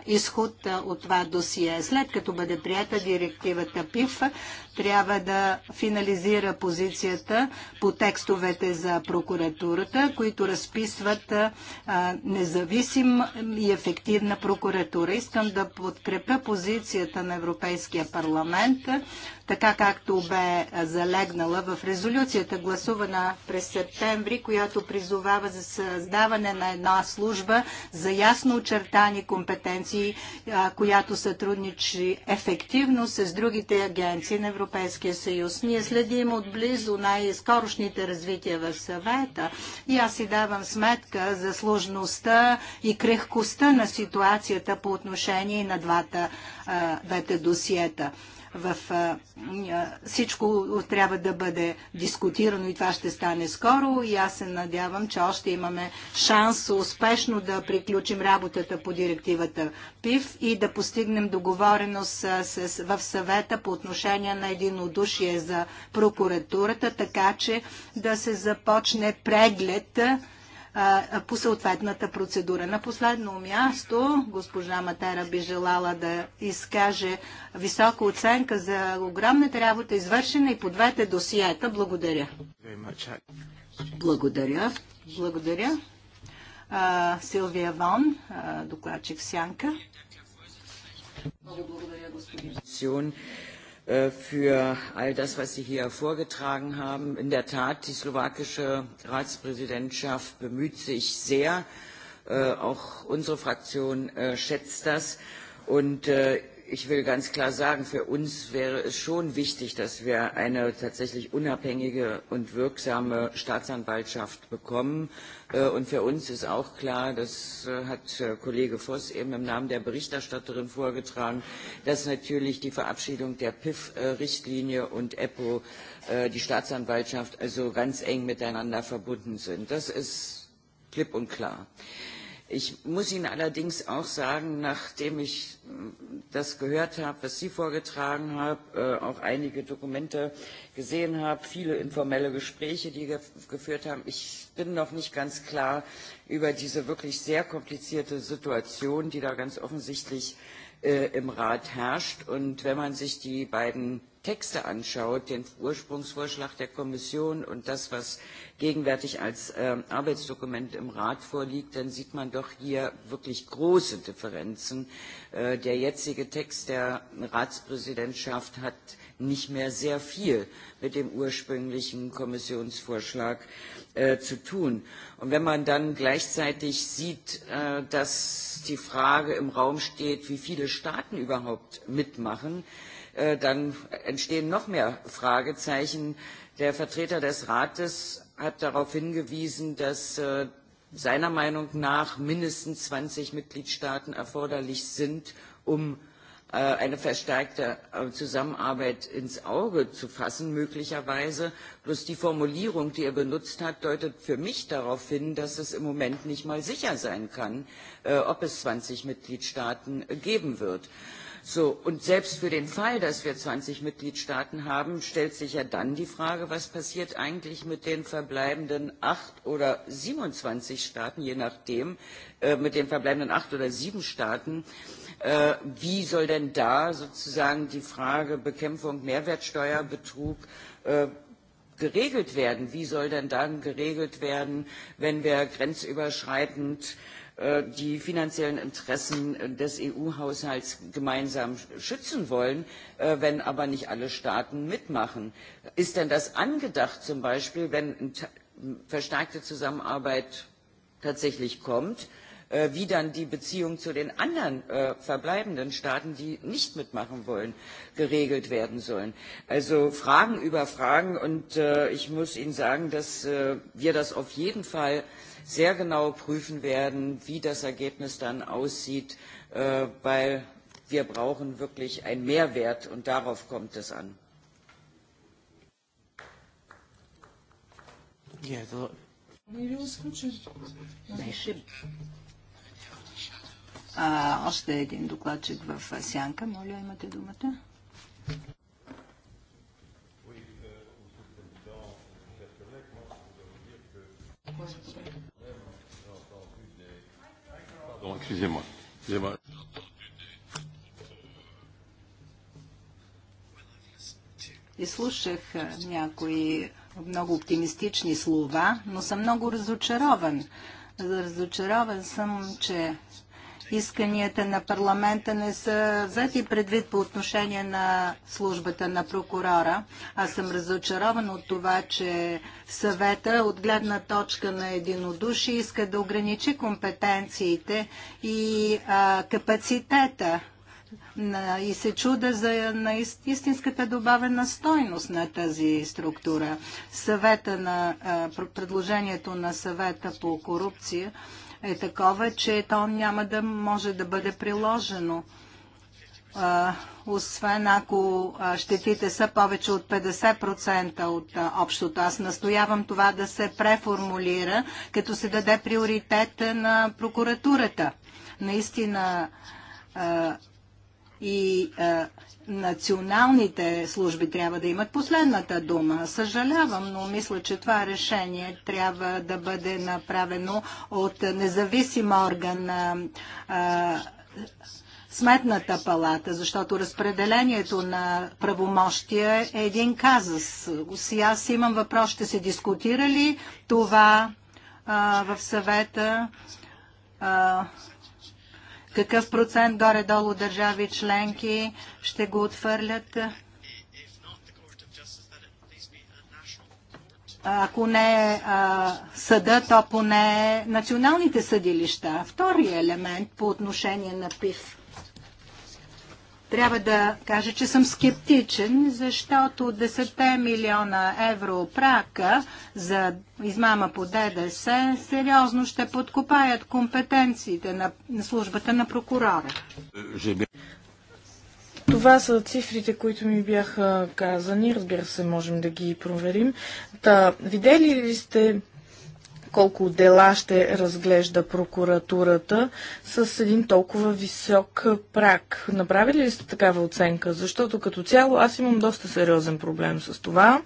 изход от това досие. След като бъде прията директивата ПИФ, трябва да финализира позицията по текстовете за прокуратурата, които разписват независим и ефективна прокуратура. Искам да подкрепя позицията на Европейския парламент, така както бе залегнала в резолюцията, гласувана през септември, която призовава за създаване на една служба за ясно очертани компетенции, която сътрудничи ефективно с другите агенции на Европейския Европейския съюз. Ние следим отблизо най-скорошните развития в съвета и аз си давам сметка за сложността и крехкостта на ситуацията по отношение на двата, двете досиета в всичко трябва да бъде дискутирано и това ще стане скоро и аз се надявам, че още имаме шанс успешно да приключим работата по директивата ПИВ и да постигнем договореност в съвета по отношение на единодушие за прокуратурата, така че да се започне преглед по съответната процедура. На последно място госпожа Матера би желала да изкаже висока оценка за огромната работа, извършена и по двете досиета. Благодаря. Благодаря. Благодаря. А, Силвия Вон, докладчик Сянка. Много благодаря, господин für all das, was Sie hier vorgetragen haben. In der Tat, die slowakische Ratspräsidentschaft bemüht sich sehr. Auch unsere Fraktion schätzt das. Und ich will ganz klar sagen, für uns wäre es schon wichtig, dass wir eine tatsächlich unabhängige und wirksame Staatsanwaltschaft bekommen. Und für uns ist auch klar, das hat Kollege Voss eben im Namen der Berichterstatterin vorgetragen, dass natürlich die Verabschiedung der PIF-Richtlinie und EPO, die Staatsanwaltschaft, also ganz eng miteinander verbunden sind. Das ist klipp und klar. Äh, Ich muss Ihnen allerdings auch sagen, nachdem ich das gehört habe, was Sie vorgetragen haben, auch einige Dokumente gesehen habe, viele informelle Gespräche, die wir geführt haben, ich bin noch nicht ganz klar über diese wirklich sehr komplizierte Situation, die da ganz offensichtlich im Rat herrscht. Und wenn man sich die beiden Texte anschaut, den Ursprungsvorschlag der Kommission und das, was gegenwärtig als Arbeitsdokument im Rat vorliegt, dann sieht man doch hier wirklich große Differenzen. der jetzige Text der Ratspräsidentschaft hat nicht mehr sehr viel mit dem ursprünglichen Kommissionsvorschlag zu tun. Und wenn man dann gleichzeitig sieht, dass die Frage im Raum steht, wie viele Staaten überhaupt mitmachen, äh, dann entstehen noch mehr Fragezeichen. Der Vertreter des Rates hat darauf hingewiesen, dass seiner Meinung nach mindestens zwanzig Mitgliedstaaten erforderlich sind, um eine verstärkte Zusammenarbeit ins Auge zu fassen, möglicherweise. Bloß die Formulierung, die er benutzt hat, deutet für mich darauf hin, dass es im Moment nicht mal sicher sein kann, ob es zwanzig Mitgliedstaaten geben wird. So, und selbst für den Fall, dass wir 20 Mitgliedstaaten haben, stellt sich ja dann die Frage, was passiert eigentlich mit den verbleibenden acht oder 27 Staaten, je nachdem, mit den verbleibenden acht oder sieben Staaten, wie soll denn da sozusagen die Frage Bekämpfung Mehrwertsteuerbetrug geregelt werden? Wie soll denn dann geregelt werden, wenn wir grenzüberschreitend die finanziellen Interessen des EU-Haushalts gemeinsam schützen wollen, wenn aber nicht alle Staaten mitmachen. Ist denn das angedacht zum Beispiel, wenn verstärkte Zusammenarbeit tatsächlich kommt, wie dann die Beziehung zu den anderen verbleibenden Staaten, die nicht mitmachen wollen, geregelt werden sollen. Also Fragen über Fragen und ich muss Ihnen sagen, dass wir das auf jeden Fall sehr genau prüfen werden, wie das Ergebnis dann aussieht, weil wir brauchen wirklich einen Mehrwert und darauf kommt es an. А, още един докладчик в сянка. Моля, имате думата. слушах някои много оптимистични слова, но съм много разочарован. Разочарован съм, че исканията на парламента не са взети предвид по отношение на службата на прокурора. Аз съм разочарован от това, че съвета от гледна точка на единодуши иска да ограничи компетенциите и а, капацитета и се чуда за на истинската добавена стойност на тази структура. Съвета на, предложението на съвета по корупция е такова, че то няма да може да бъде приложено. А, освен ако щетите са повече от 50% от а, общото. Аз настоявам това да се преформулира, като се даде приоритет на прокуратурата. Наистина а, и а, е, националните служби трябва да имат последната дума. Съжалявам, но мисля, че това решение трябва да бъде направено от независим орган на е, Сметната палата, защото разпределението на правомощия е един казус. Си аз имам въпрос, ще се дискутира ли това а, е, в съвета? А, какъв процент горе-долу държави членки ще го отвърлят? Ако не е съда, то поне националните съдилища. Втори елемент по отношение на ПИФ. Трябва да кажа, че съм скептичен, защото 10 милиона евро прака за измама по ДДС сериозно ще подкопаят компетенциите на службата на прокурора. Това са цифрите, които ми бяха казани. Разбира се, можем да ги проверим. Та, видели ли сте колко дела ще разглежда прокуратурата с един толкова висок прак. Направили ли сте такава оценка? Защото като цяло аз имам доста сериозен проблем с това.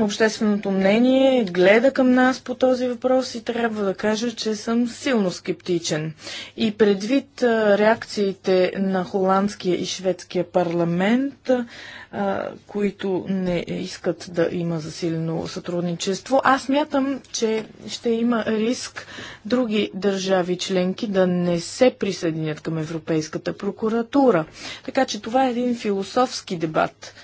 Общественото мнение гледа към нас по този въпрос и трябва да кажа, че съм силно скептичен. И предвид реакциите на холандския и шведския парламент, които не искат да има засилено сътрудничество. Аз мятам, че ще има риск други държави членки да не се присъединят към Европейската прокуратура. Така че това е един философски дебат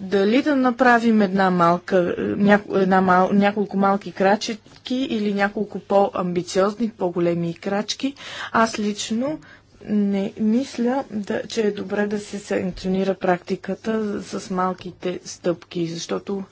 дали да направим една малка, няко, една мал, няколко малки крачки или няколко по-амбициозни, по-големи крачки, аз лично не мисля, да, че е добре да се санкционира практиката с малките стъпки, защото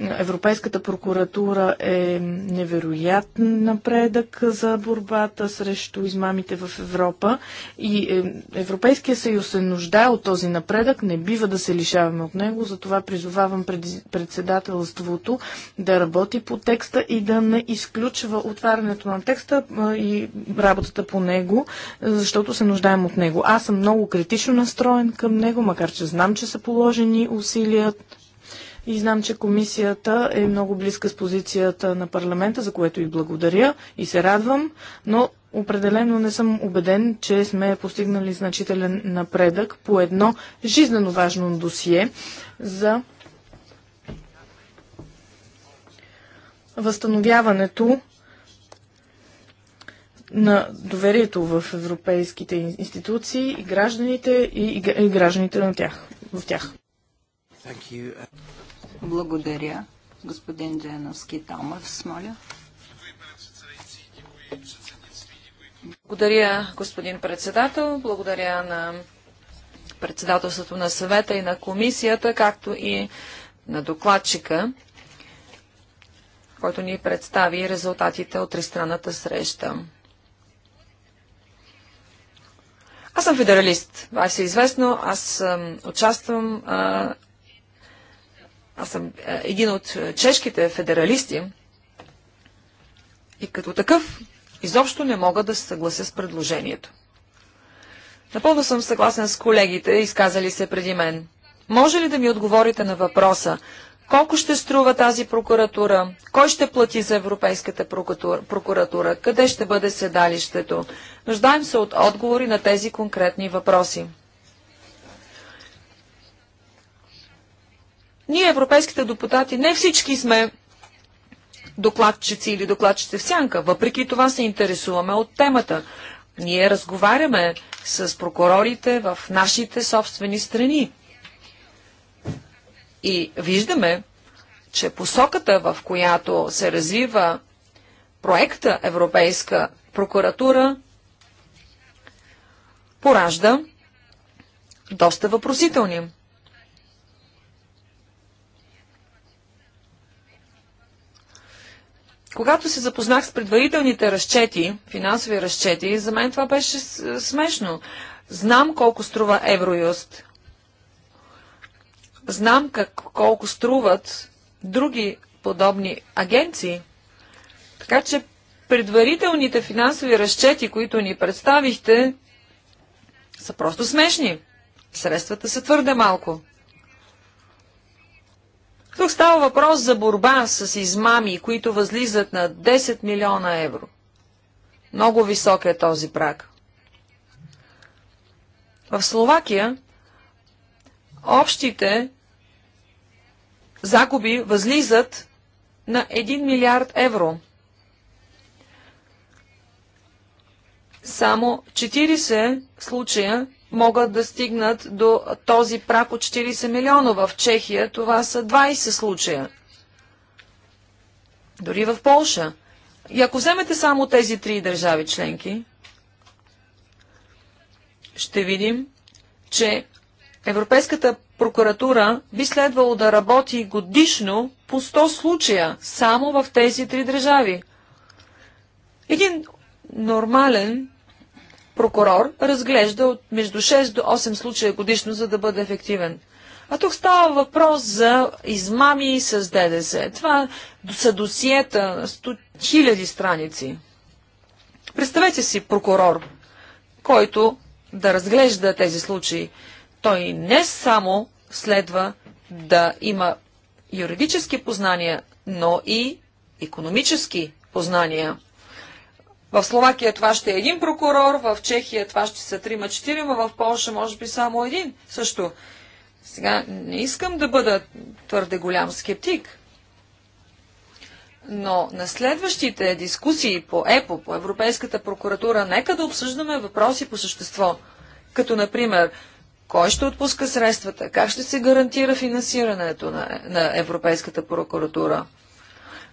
Европейската прокуратура е невероятен напредък за борбата срещу измамите в Европа и е, Европейския съюз се нуждае от този напредък, не бива да се лишаваме от него, затова призовавам председателството да работи по текста и да не изключва отварянето на текста и работата по него, защото се нуждаем от него. Аз съм много критично настроен към него, макар че знам, че са положени усилия и знам, че комисията е много близка с позицията на парламента, за което и благодаря и се радвам, но определено не съм убеден, че сме постигнали значителен напредък по едно жизненно важно досие за възстановяването на доверието в европейските институции и гражданите и гражданите на тях, в тях. Благодаря. Господин Дженовски Томов, моля. Благодаря, господин председател. Благодаря на председателството на съвета и на комисията, както и на докладчика, който ни представи резултатите от тристранната среща. Аз съм федералист. Това е известно. Аз участвам а, аз съм е, един от е, чешките федералисти и като такъв изобщо не мога да се съглася с предложението. Напълно съм съгласен с колегите, изказали се преди мен. Може ли да ми отговорите на въпроса, колко ще струва тази прокуратура? Кой ще плати за Европейската прокуратура? Къде ще бъде седалището? Нуждаем се от отговори на тези конкретни въпроси. Ние, европейските депутати, не всички сме докладчици или докладчици в сянка. Въпреки това се интересуваме от темата. Ние разговаряме с прокурорите в нашите собствени страни. И виждаме, че посоката, в която се развива проекта Европейска прокуратура, поражда доста въпросителни. Когато се запознах с предварителните разчети, финансови разчети, за мен това беше смешно. Знам колко струва Евроюст. Знам как, колко струват други подобни агенции. Така че предварителните финансови разчети, които ни представихте, са просто смешни. Средствата са твърде малко. Тук става въпрос за борба с измами, които възлизат на 10 милиона евро. Много висок е този праг. В Словакия общите загуби възлизат на 1 милиард евро. Само 40 случая могат да стигнат до този прак от 40 милиона. В Чехия това са 20 случая. Дори в Полша. И ако вземете само тези три държави членки, ще видим, че Европейската прокуратура би следвало да работи годишно по 100 случая само в тези три държави. Един нормален прокурор разглежда от между 6 до 8 случая годишно, за да бъде ефективен. А тук става въпрос за измами с ДДС. Това са досиета, сто, хиляди страници. Представете си прокурор, който да разглежда тези случаи. Той не само следва да има юридически познания, но и економически познания. В Словакия това ще е един прокурор, в Чехия това ще са трима-четирима, в Польша може би само един също. Сега не искам да бъда твърде голям скептик, но на следващите дискусии по ЕПО, по Европейската прокуратура, нека да обсъждаме въпроси по същество. Като, например, кой ще отпуска средствата, как ще се гарантира финансирането на, на Европейската прокуратура –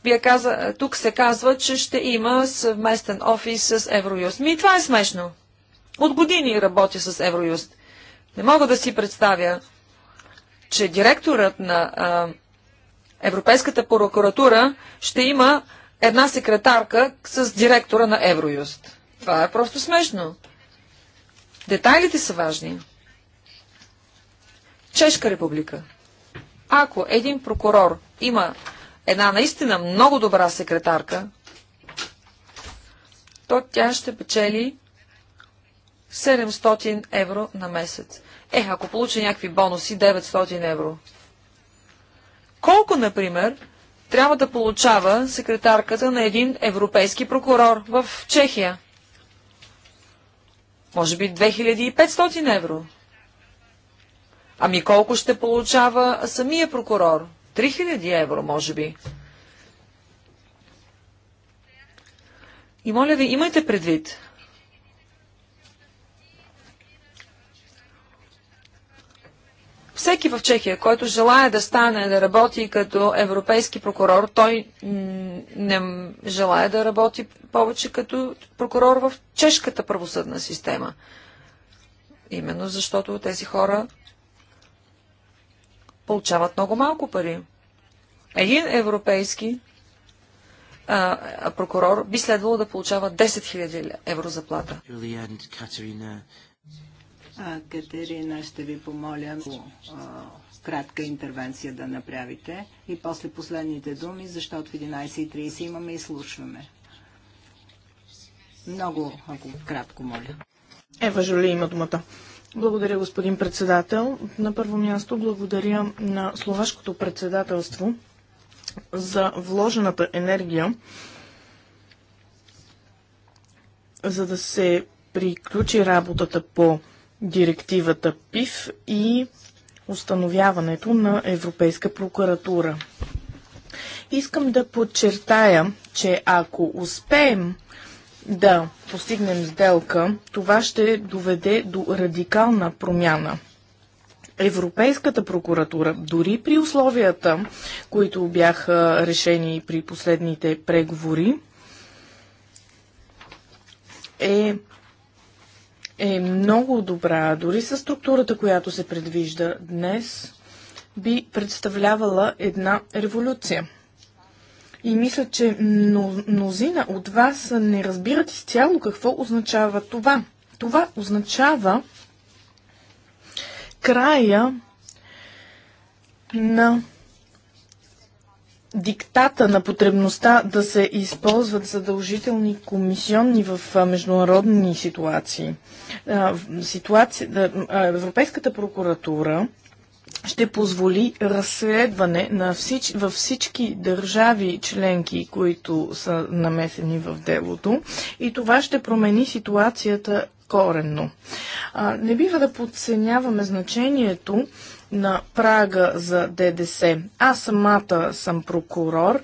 вие каза, тук се казва, че ще има съвместен офис с Евроюст. Ми, това е смешно. От години работя с Евроюст. Не мога да си представя, че директорът на а, Европейската прокуратура ще има една секретарка с директора на Евроюст. Това е просто смешно. Детайлите са важни. Чешка република. Ако един прокурор има една наистина много добра секретарка, то тя ще печели 700 евро на месец. Е, ако получи някакви бонуси, 900 евро. Колко, например, трябва да получава секретарката на един европейски прокурор в Чехия? Може би 2500 евро. Ами колко ще получава самия прокурор? 3000 евро, може би. И моля ви, имайте предвид, Всеки в Чехия, който желая да стане, да работи като европейски прокурор, той не желая да работи повече като прокурор в чешката правосъдна система. Именно защото тези хора получават много малко пари. Един европейски а, прокурор би следвало да получава 10 000 евро заплата. Катерина, ще ви помоля кратка интервенция да направите и после последните думи, защото в 11.30 имаме и слушваме. Много, ако кратко, моля. Ева Жули има думата. Благодаря, господин председател. На първо място благодаря на словашкото председателство за вложената енергия, за да се приключи работата по директивата ПИФ и установяването на Европейска прокуратура. Искам да подчертая, че ако успеем да постигнем сделка, това ще доведе до радикална промяна. Европейската прокуратура, дори при условията, които бяха решени при последните преговори, е, е много добра. Дори с структурата, която се предвижда днес, би представлявала една революция. И мисля, че мнозина от вас не разбират изцяло какво означава това. Това означава края на диктата на потребността да се използват задължителни комисионни в международни ситуации. Ситуация, Европейската прокуратура ще позволи разследване на всич, във всички държави членки, които са намесени в делото и това ще промени ситуацията коренно. А, не бива да подценяваме значението на прага за ДДС. Аз самата съм прокурор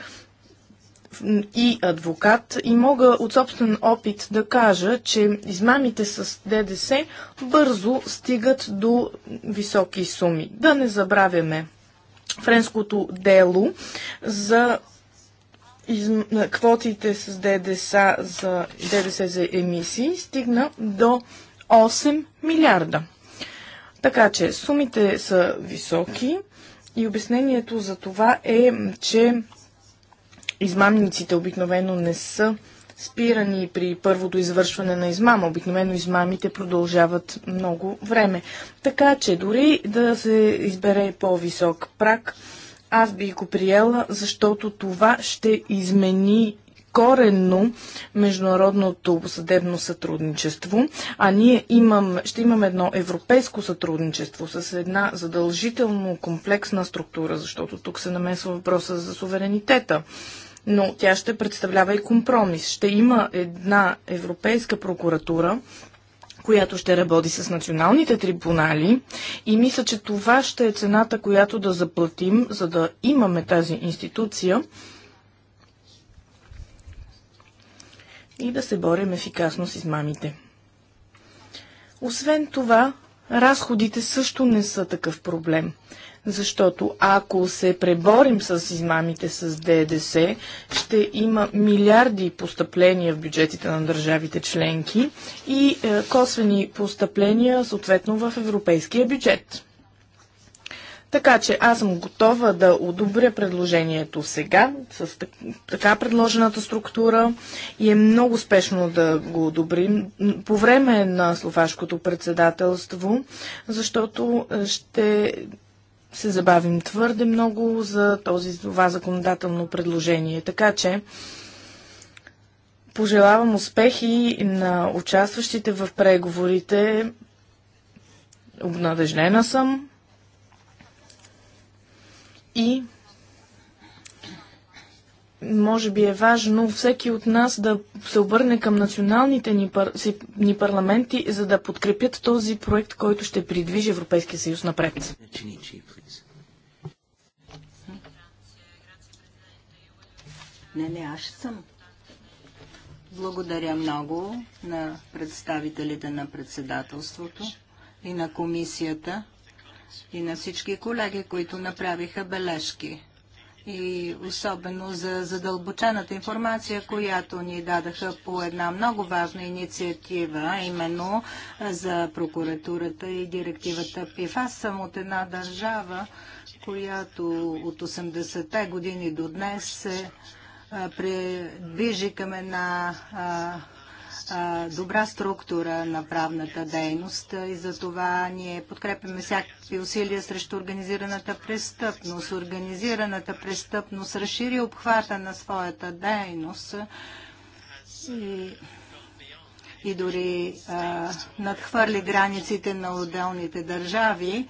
и адвокат и мога от собствен опит да кажа, че измамите с ДДС бързо стигат до високи суми. Да не забравяме френското дело за квотите с ДДС за, ДДС за емисии стигна до 8 милиарда. Така че сумите са високи и обяснението за това е, че измамниците обикновено не са спирани при първото извършване на измама. Обикновено измамите продължават много време. Така че дори да се избере по-висок прак, аз би го приела, защото това ще измени коренно международното съдебно сътрудничество, а ние имам, ще имаме едно европейско сътрудничество с една задължително комплексна структура, защото тук се намесва въпроса за суверенитета но тя ще представлява и компромис. Ще има една европейска прокуратура, която ще работи с националните трибунали и мисля, че това ще е цената, която да заплатим, за да имаме тази институция и да се борим ефикасно с измамите. Освен това, разходите също не са такъв проблем защото ако се преборим с измамите с ДДС, ще има милиарди постъпления в бюджетите на държавите членки и е, косвени постъпления съответно в европейския бюджет. Така че аз съм готова да одобря предложението сега с така предложената структура и е много спешно да го одобрим по време на словашкото председателство, защото е, ще се забавим твърде много за този, това законодателно предложение. Така че пожелавам успехи на участващите в преговорите. Обнадежнена съм и може би е важно всеки от нас да се обърне към националните ни, пар... ни парламенти, за да подкрепят този проект, който ще придвижи Европейския съюз напред. Не, не, аз съм. Благодаря много на представителите на председателството и на комисията и на всички колеги, които направиха бележки и особено за задълбочената информация, която ни дадаха по една много важна инициатива, именно за прокуратурата и директивата ПИФ. Аз съм от една държава, която от 80-те години до днес се придвижи към една добра структура на правната дейност и за това ние подкрепяме всякакви усилия срещу организираната престъпност. Организираната престъпност разшири обхвата на своята дейност и и дори а, надхвърли границите на отделните държави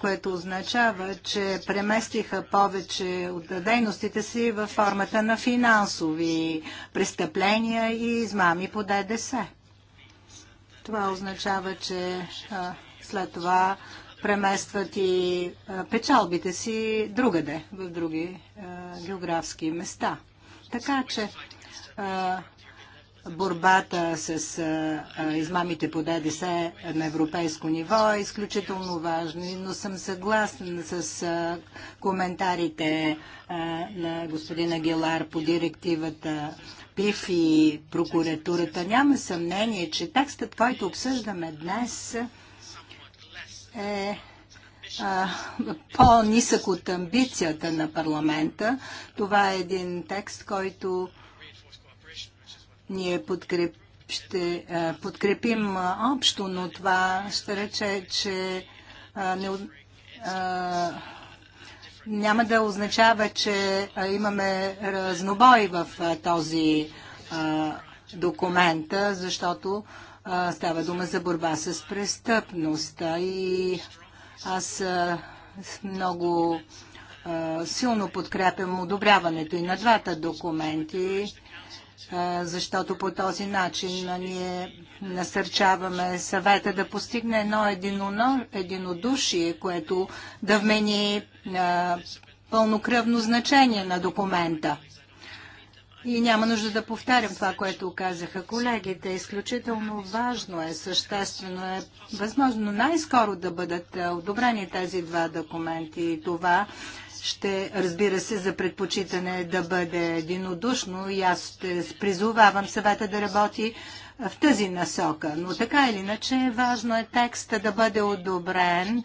което означава, че преместиха повече от дейностите си в формата на финансови престъпления и измами по ДДС. Това означава, че след това преместват и печалбите си другаде, в други географски места. Така че борбата с измамите по ДДС е на европейско ниво е изключително важно, но съм съгласен с коментарите на господина Гелар по директивата ПИФ и прокуратурата. Няма съмнение, че текстът, който обсъждаме днес е по-нисък от амбицията на парламента. Това е един текст, който ние подкреп, ще а, подкрепим а, общо, но това ще рече, че а, не, а, няма да означава, че а, имаме разнобой в а, този а, документ, защото а, става дума за борба с престъпността и аз а, много силно подкрепям одобряването и на двата документи защото по този начин ние насърчаваме съвета да постигне едно единодушие, което да вмени пълнокръвно значение на документа. И няма нужда да повтарям това, което казаха колегите. Изключително важно е, съществено е, възможно най-скоро да бъдат одобрени тези два документи. И това ще, разбира се, за предпочитане да бъде единодушно и аз ще призовавам съвета да работи в тази насока. Но така или иначе, важно е текста да бъде одобрен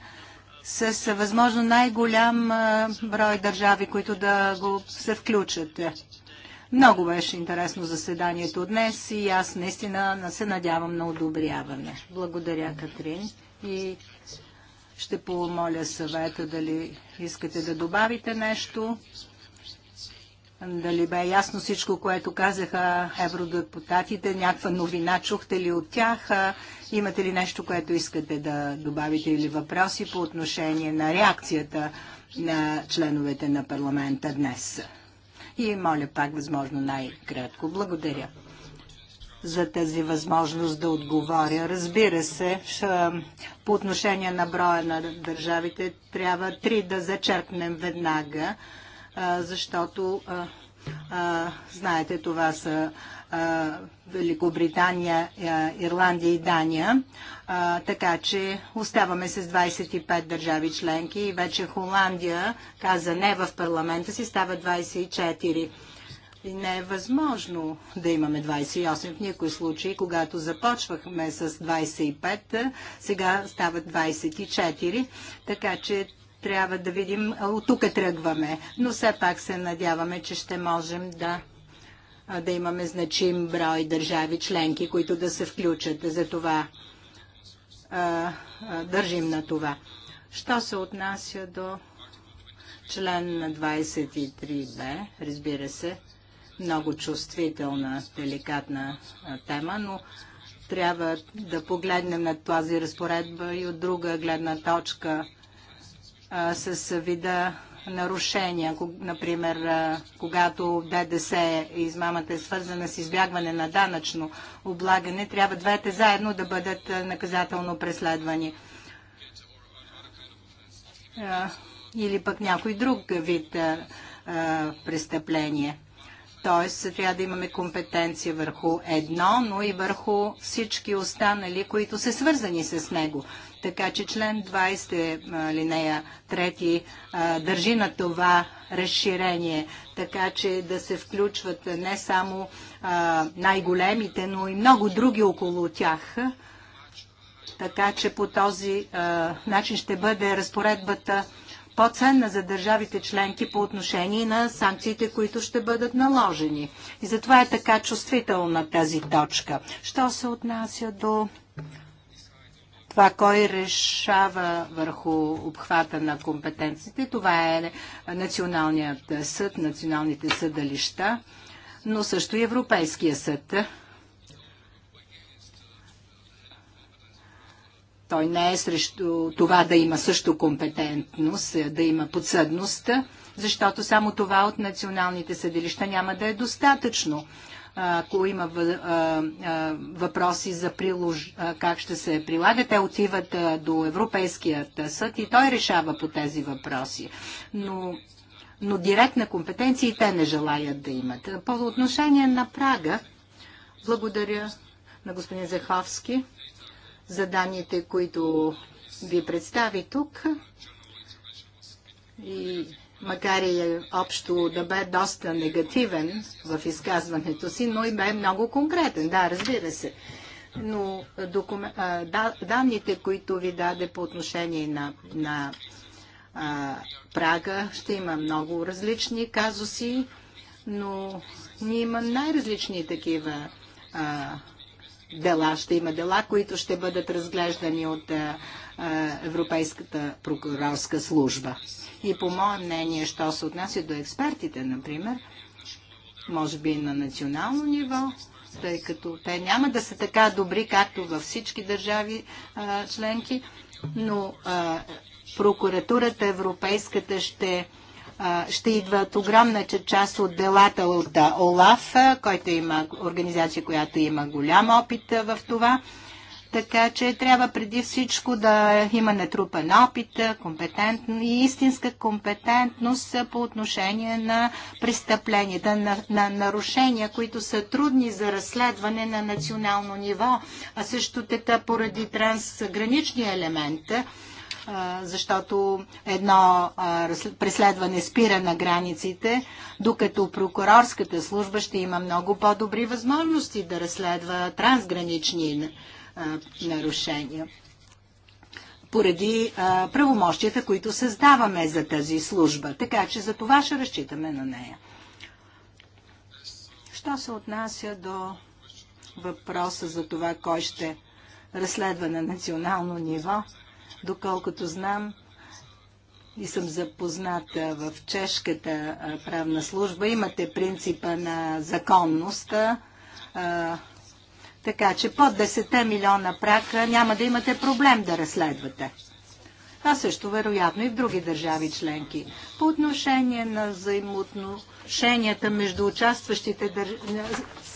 с възможно най-голям брой държави, които да го се включат. Много беше интересно заседанието днес и аз наистина се надявам на одобряване. Благодаря, Катрин. И ще помоля съвета дали искате да добавите нещо. Дали бе ясно всичко, което казаха евродепутатите? Някаква новина чухте ли от тях? Имате ли нещо, което искате да добавите или въпроси по отношение на реакцията на членовете на парламента днес? И моля пак възможно най-кратко. Благодаря за тази възможност да отговоря. Разбира се, по отношение на броя на държавите трябва три да зачеркнем веднага, защото знаете, това са Великобритания, Ирландия и Дания. Така че оставаме с 25 държави членки и вече Холандия каза не в парламента си, става 24. И не е възможно да имаме 28 в никой случай. Когато започвахме с 25, сега стават 24, така че трябва да видим, от тук тръгваме. Но все пак се надяваме, че ще можем да да имаме значим брой държави членки, които да се включат. За това а, а, държим на това. Що се отнася до член на 23б, разбира се, много чувствителна, деликатна тема, но трябва да погледнем на тази разпоредба и от друга гледна точка а, с вида нарушения. Например, а, когато ДДС и измамата е свързана с избягване на данъчно облагане, трябва двете заедно да бъдат наказателно преследвани. А, или пък някой друг вид престъпление. Т.е. трябва да имаме компетенция върху едно, но и върху всички останали, които са свързани с него. Така че член 20 е, линея 3 държи на това разширение, така че да се включват не само най-големите, но и много други около тях. Така че по този начин ще бъде разпоредбата по-ценна за държавите членки по отношение на санкциите, които ще бъдат наложени. И затова е така чувствителна тази точка. Що се отнася до това кой решава върху обхвата на компетенциите, това е Националният съд, националните съдалища, но също и Европейския съд. Той не е срещу това да има също компетентност, е, да има подсъдност, защото само това от националните съдилища няма да е достатъчно. Ако има въпроси за прилож... как ще се прилага, те отиват до Европейският съд и той решава по тези въпроси. Но но директна компетенция и те не желаят да имат. По отношение на прага, благодаря на господин Зеховски за данните, които ви представи тук. И макар и е общо да бе доста негативен в изказването си, но и бе много конкретен. Да, разбира се. Но докум... да, данните, които ви даде по отношение на, на а, Прага, ще има много различни казуси, но ние имаме най-различни такива а, дела. Ще има дела, които ще бъдат разглеждани от е, е, Европейската прокурорска служба. И по мое мнение, що се отнася до експертите, например, може би на национално ниво, тъй като те няма да са така добри, както във всички държави е, членки, но прокуратурата европейската ще ще идват огромна част от делата от ОЛАФ, който има организация, която има голям опит в това. Така че трябва преди всичко да има натрупан опит, компетентност и истинска компетентност по отношение на престъпленията, на, на нарушения, които са трудни за разследване на национално ниво, а също така поради трансграничния елемент защото едно преследване спира на границите, докато прокурорската служба ще има много по-добри възможности да разследва трансгранични нарушения поради правомощията, които създаваме за тази служба. Така че за това ще разчитаме на нея. Що се отнася до въпроса за това, кой ще разследва на национално ниво, Доколкото знам и съм запозната в чешката правна служба, имате принципа на законността, така че под 10 милиона прака няма да имате проблем да разследвате. А също вероятно и в други държави членки. По отношение на взаимоотношенията между участващите държ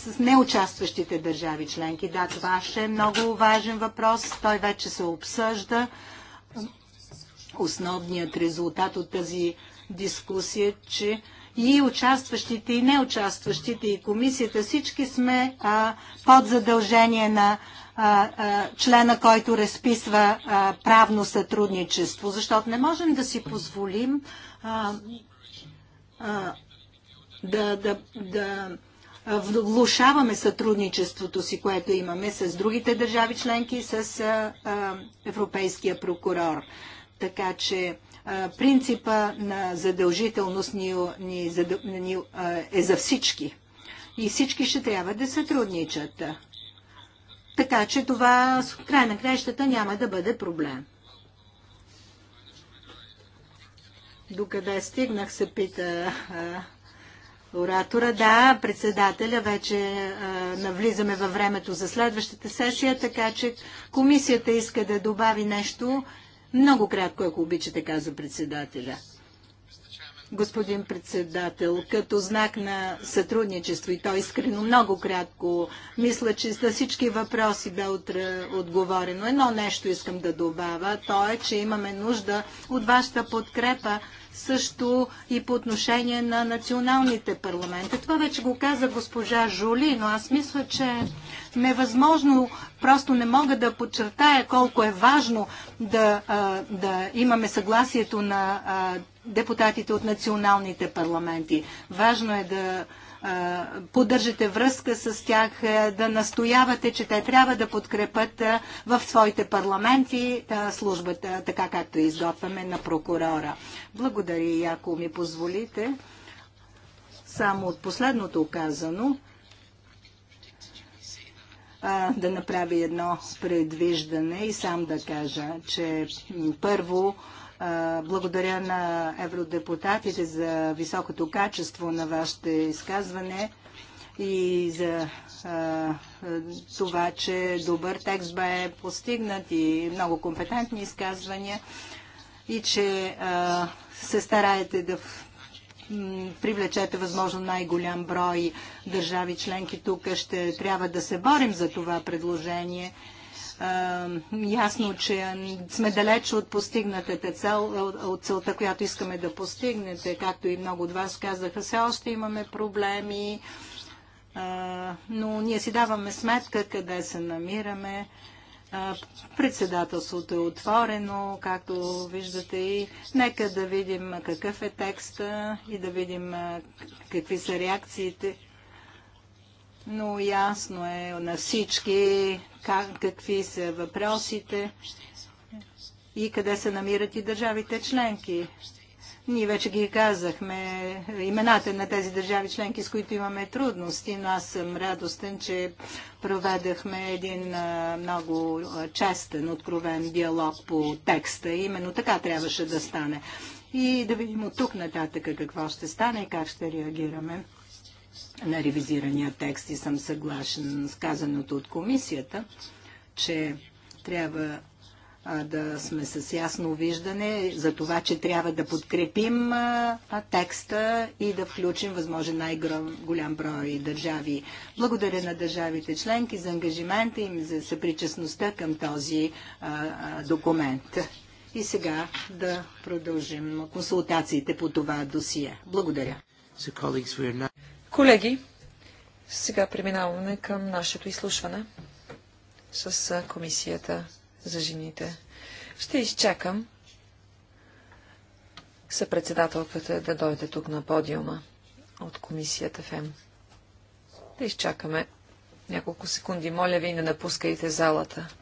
с неучастващите държави членки. Да, това ще е много важен въпрос. Той вече се обсъжда. Основният резултат от тази дискусия, че и участващите, и неучастващите, и комисията, всички сме а, под задължение на а, а, члена, който разписва а, правно сътрудничество, защото не можем да си позволим а, а, да, да, да влушаваме сътрудничеството си, което имаме с другите държави членки и с Европейския прокурор. Така че принципа на задължителност ни, ни, ни е за всички. И всички ще трябва да сътрудничат. Така че това с край на краищата няма да бъде проблем. Докъде стигнах, се пита оратора. Да, председателя, вече а, навлизаме във времето за следващата сесия, така че комисията иска да добави нещо много кратко, ако обичате, каза председателя. Господин председател, като знак на сътрудничество и то искрено много кратко, мисля, че за всички въпроси бе утре отговорено. Едно нещо искам да добавя, то е, че имаме нужда от вашата подкрепа също и по отношение на националните парламенти. Това вече го каза госпожа Жули, но аз мисля, че невъзможно, просто не мога да подчертая колко е важно да, да имаме съгласието на депутатите от националните парламенти. Важно е да поддържате връзка с тях, е, да настоявате, че те трябва да подкрепят е, в своите парламенти е, службата, така както изготвяме на прокурора. Благодаря и ако ми позволите, само от последното казано, да направя едно предвиждане и сам да кажа, че първо благодаря на евродепутатите за високото качество на вашето изказване и за това, че добър текст бе постигнат и много компетентни изказвания и че се стараете да привлечете възможно най-голям брой държави членки тук. Ще трябва да се борим за това предложение ясно, че сме далеч от постигнатата цел, от целта, която искаме да постигнете. Както и много от вас казаха, все още имаме проблеми, но ние си даваме сметка къде се намираме. Председателството е отворено, както виждате и нека да видим какъв е текста и да видим какви са реакциите но ясно е на всички как, какви са въпросите и къде се намират и държавите членки. Ние вече ги казахме имената на тези държави членки, с които имаме трудности, но аз съм радостен, че проведахме един много честен, откровен диалог по текста. Именно така трябваше да стане. И да видим от тук нататък какво ще стане и как ще реагираме на ревизирания текст и съм съгласен с казаното от комисията, че трябва да сме с ясно виждане за това, че трябва да подкрепим текста и да включим възможно най-голям брой държави. Благодаря на държавите членки за ангажимента им, за съпричастността към този документ. И сега да продължим консултациите по това досие. Благодаря. Колеги, сега преминаваме към нашето изслушване с Комисията за жените. Ще изчакам съпредседателката да дойде тук на подиума от Комисията ФЕМ. Да изчакаме няколко секунди. Моля ви, не напускайте залата.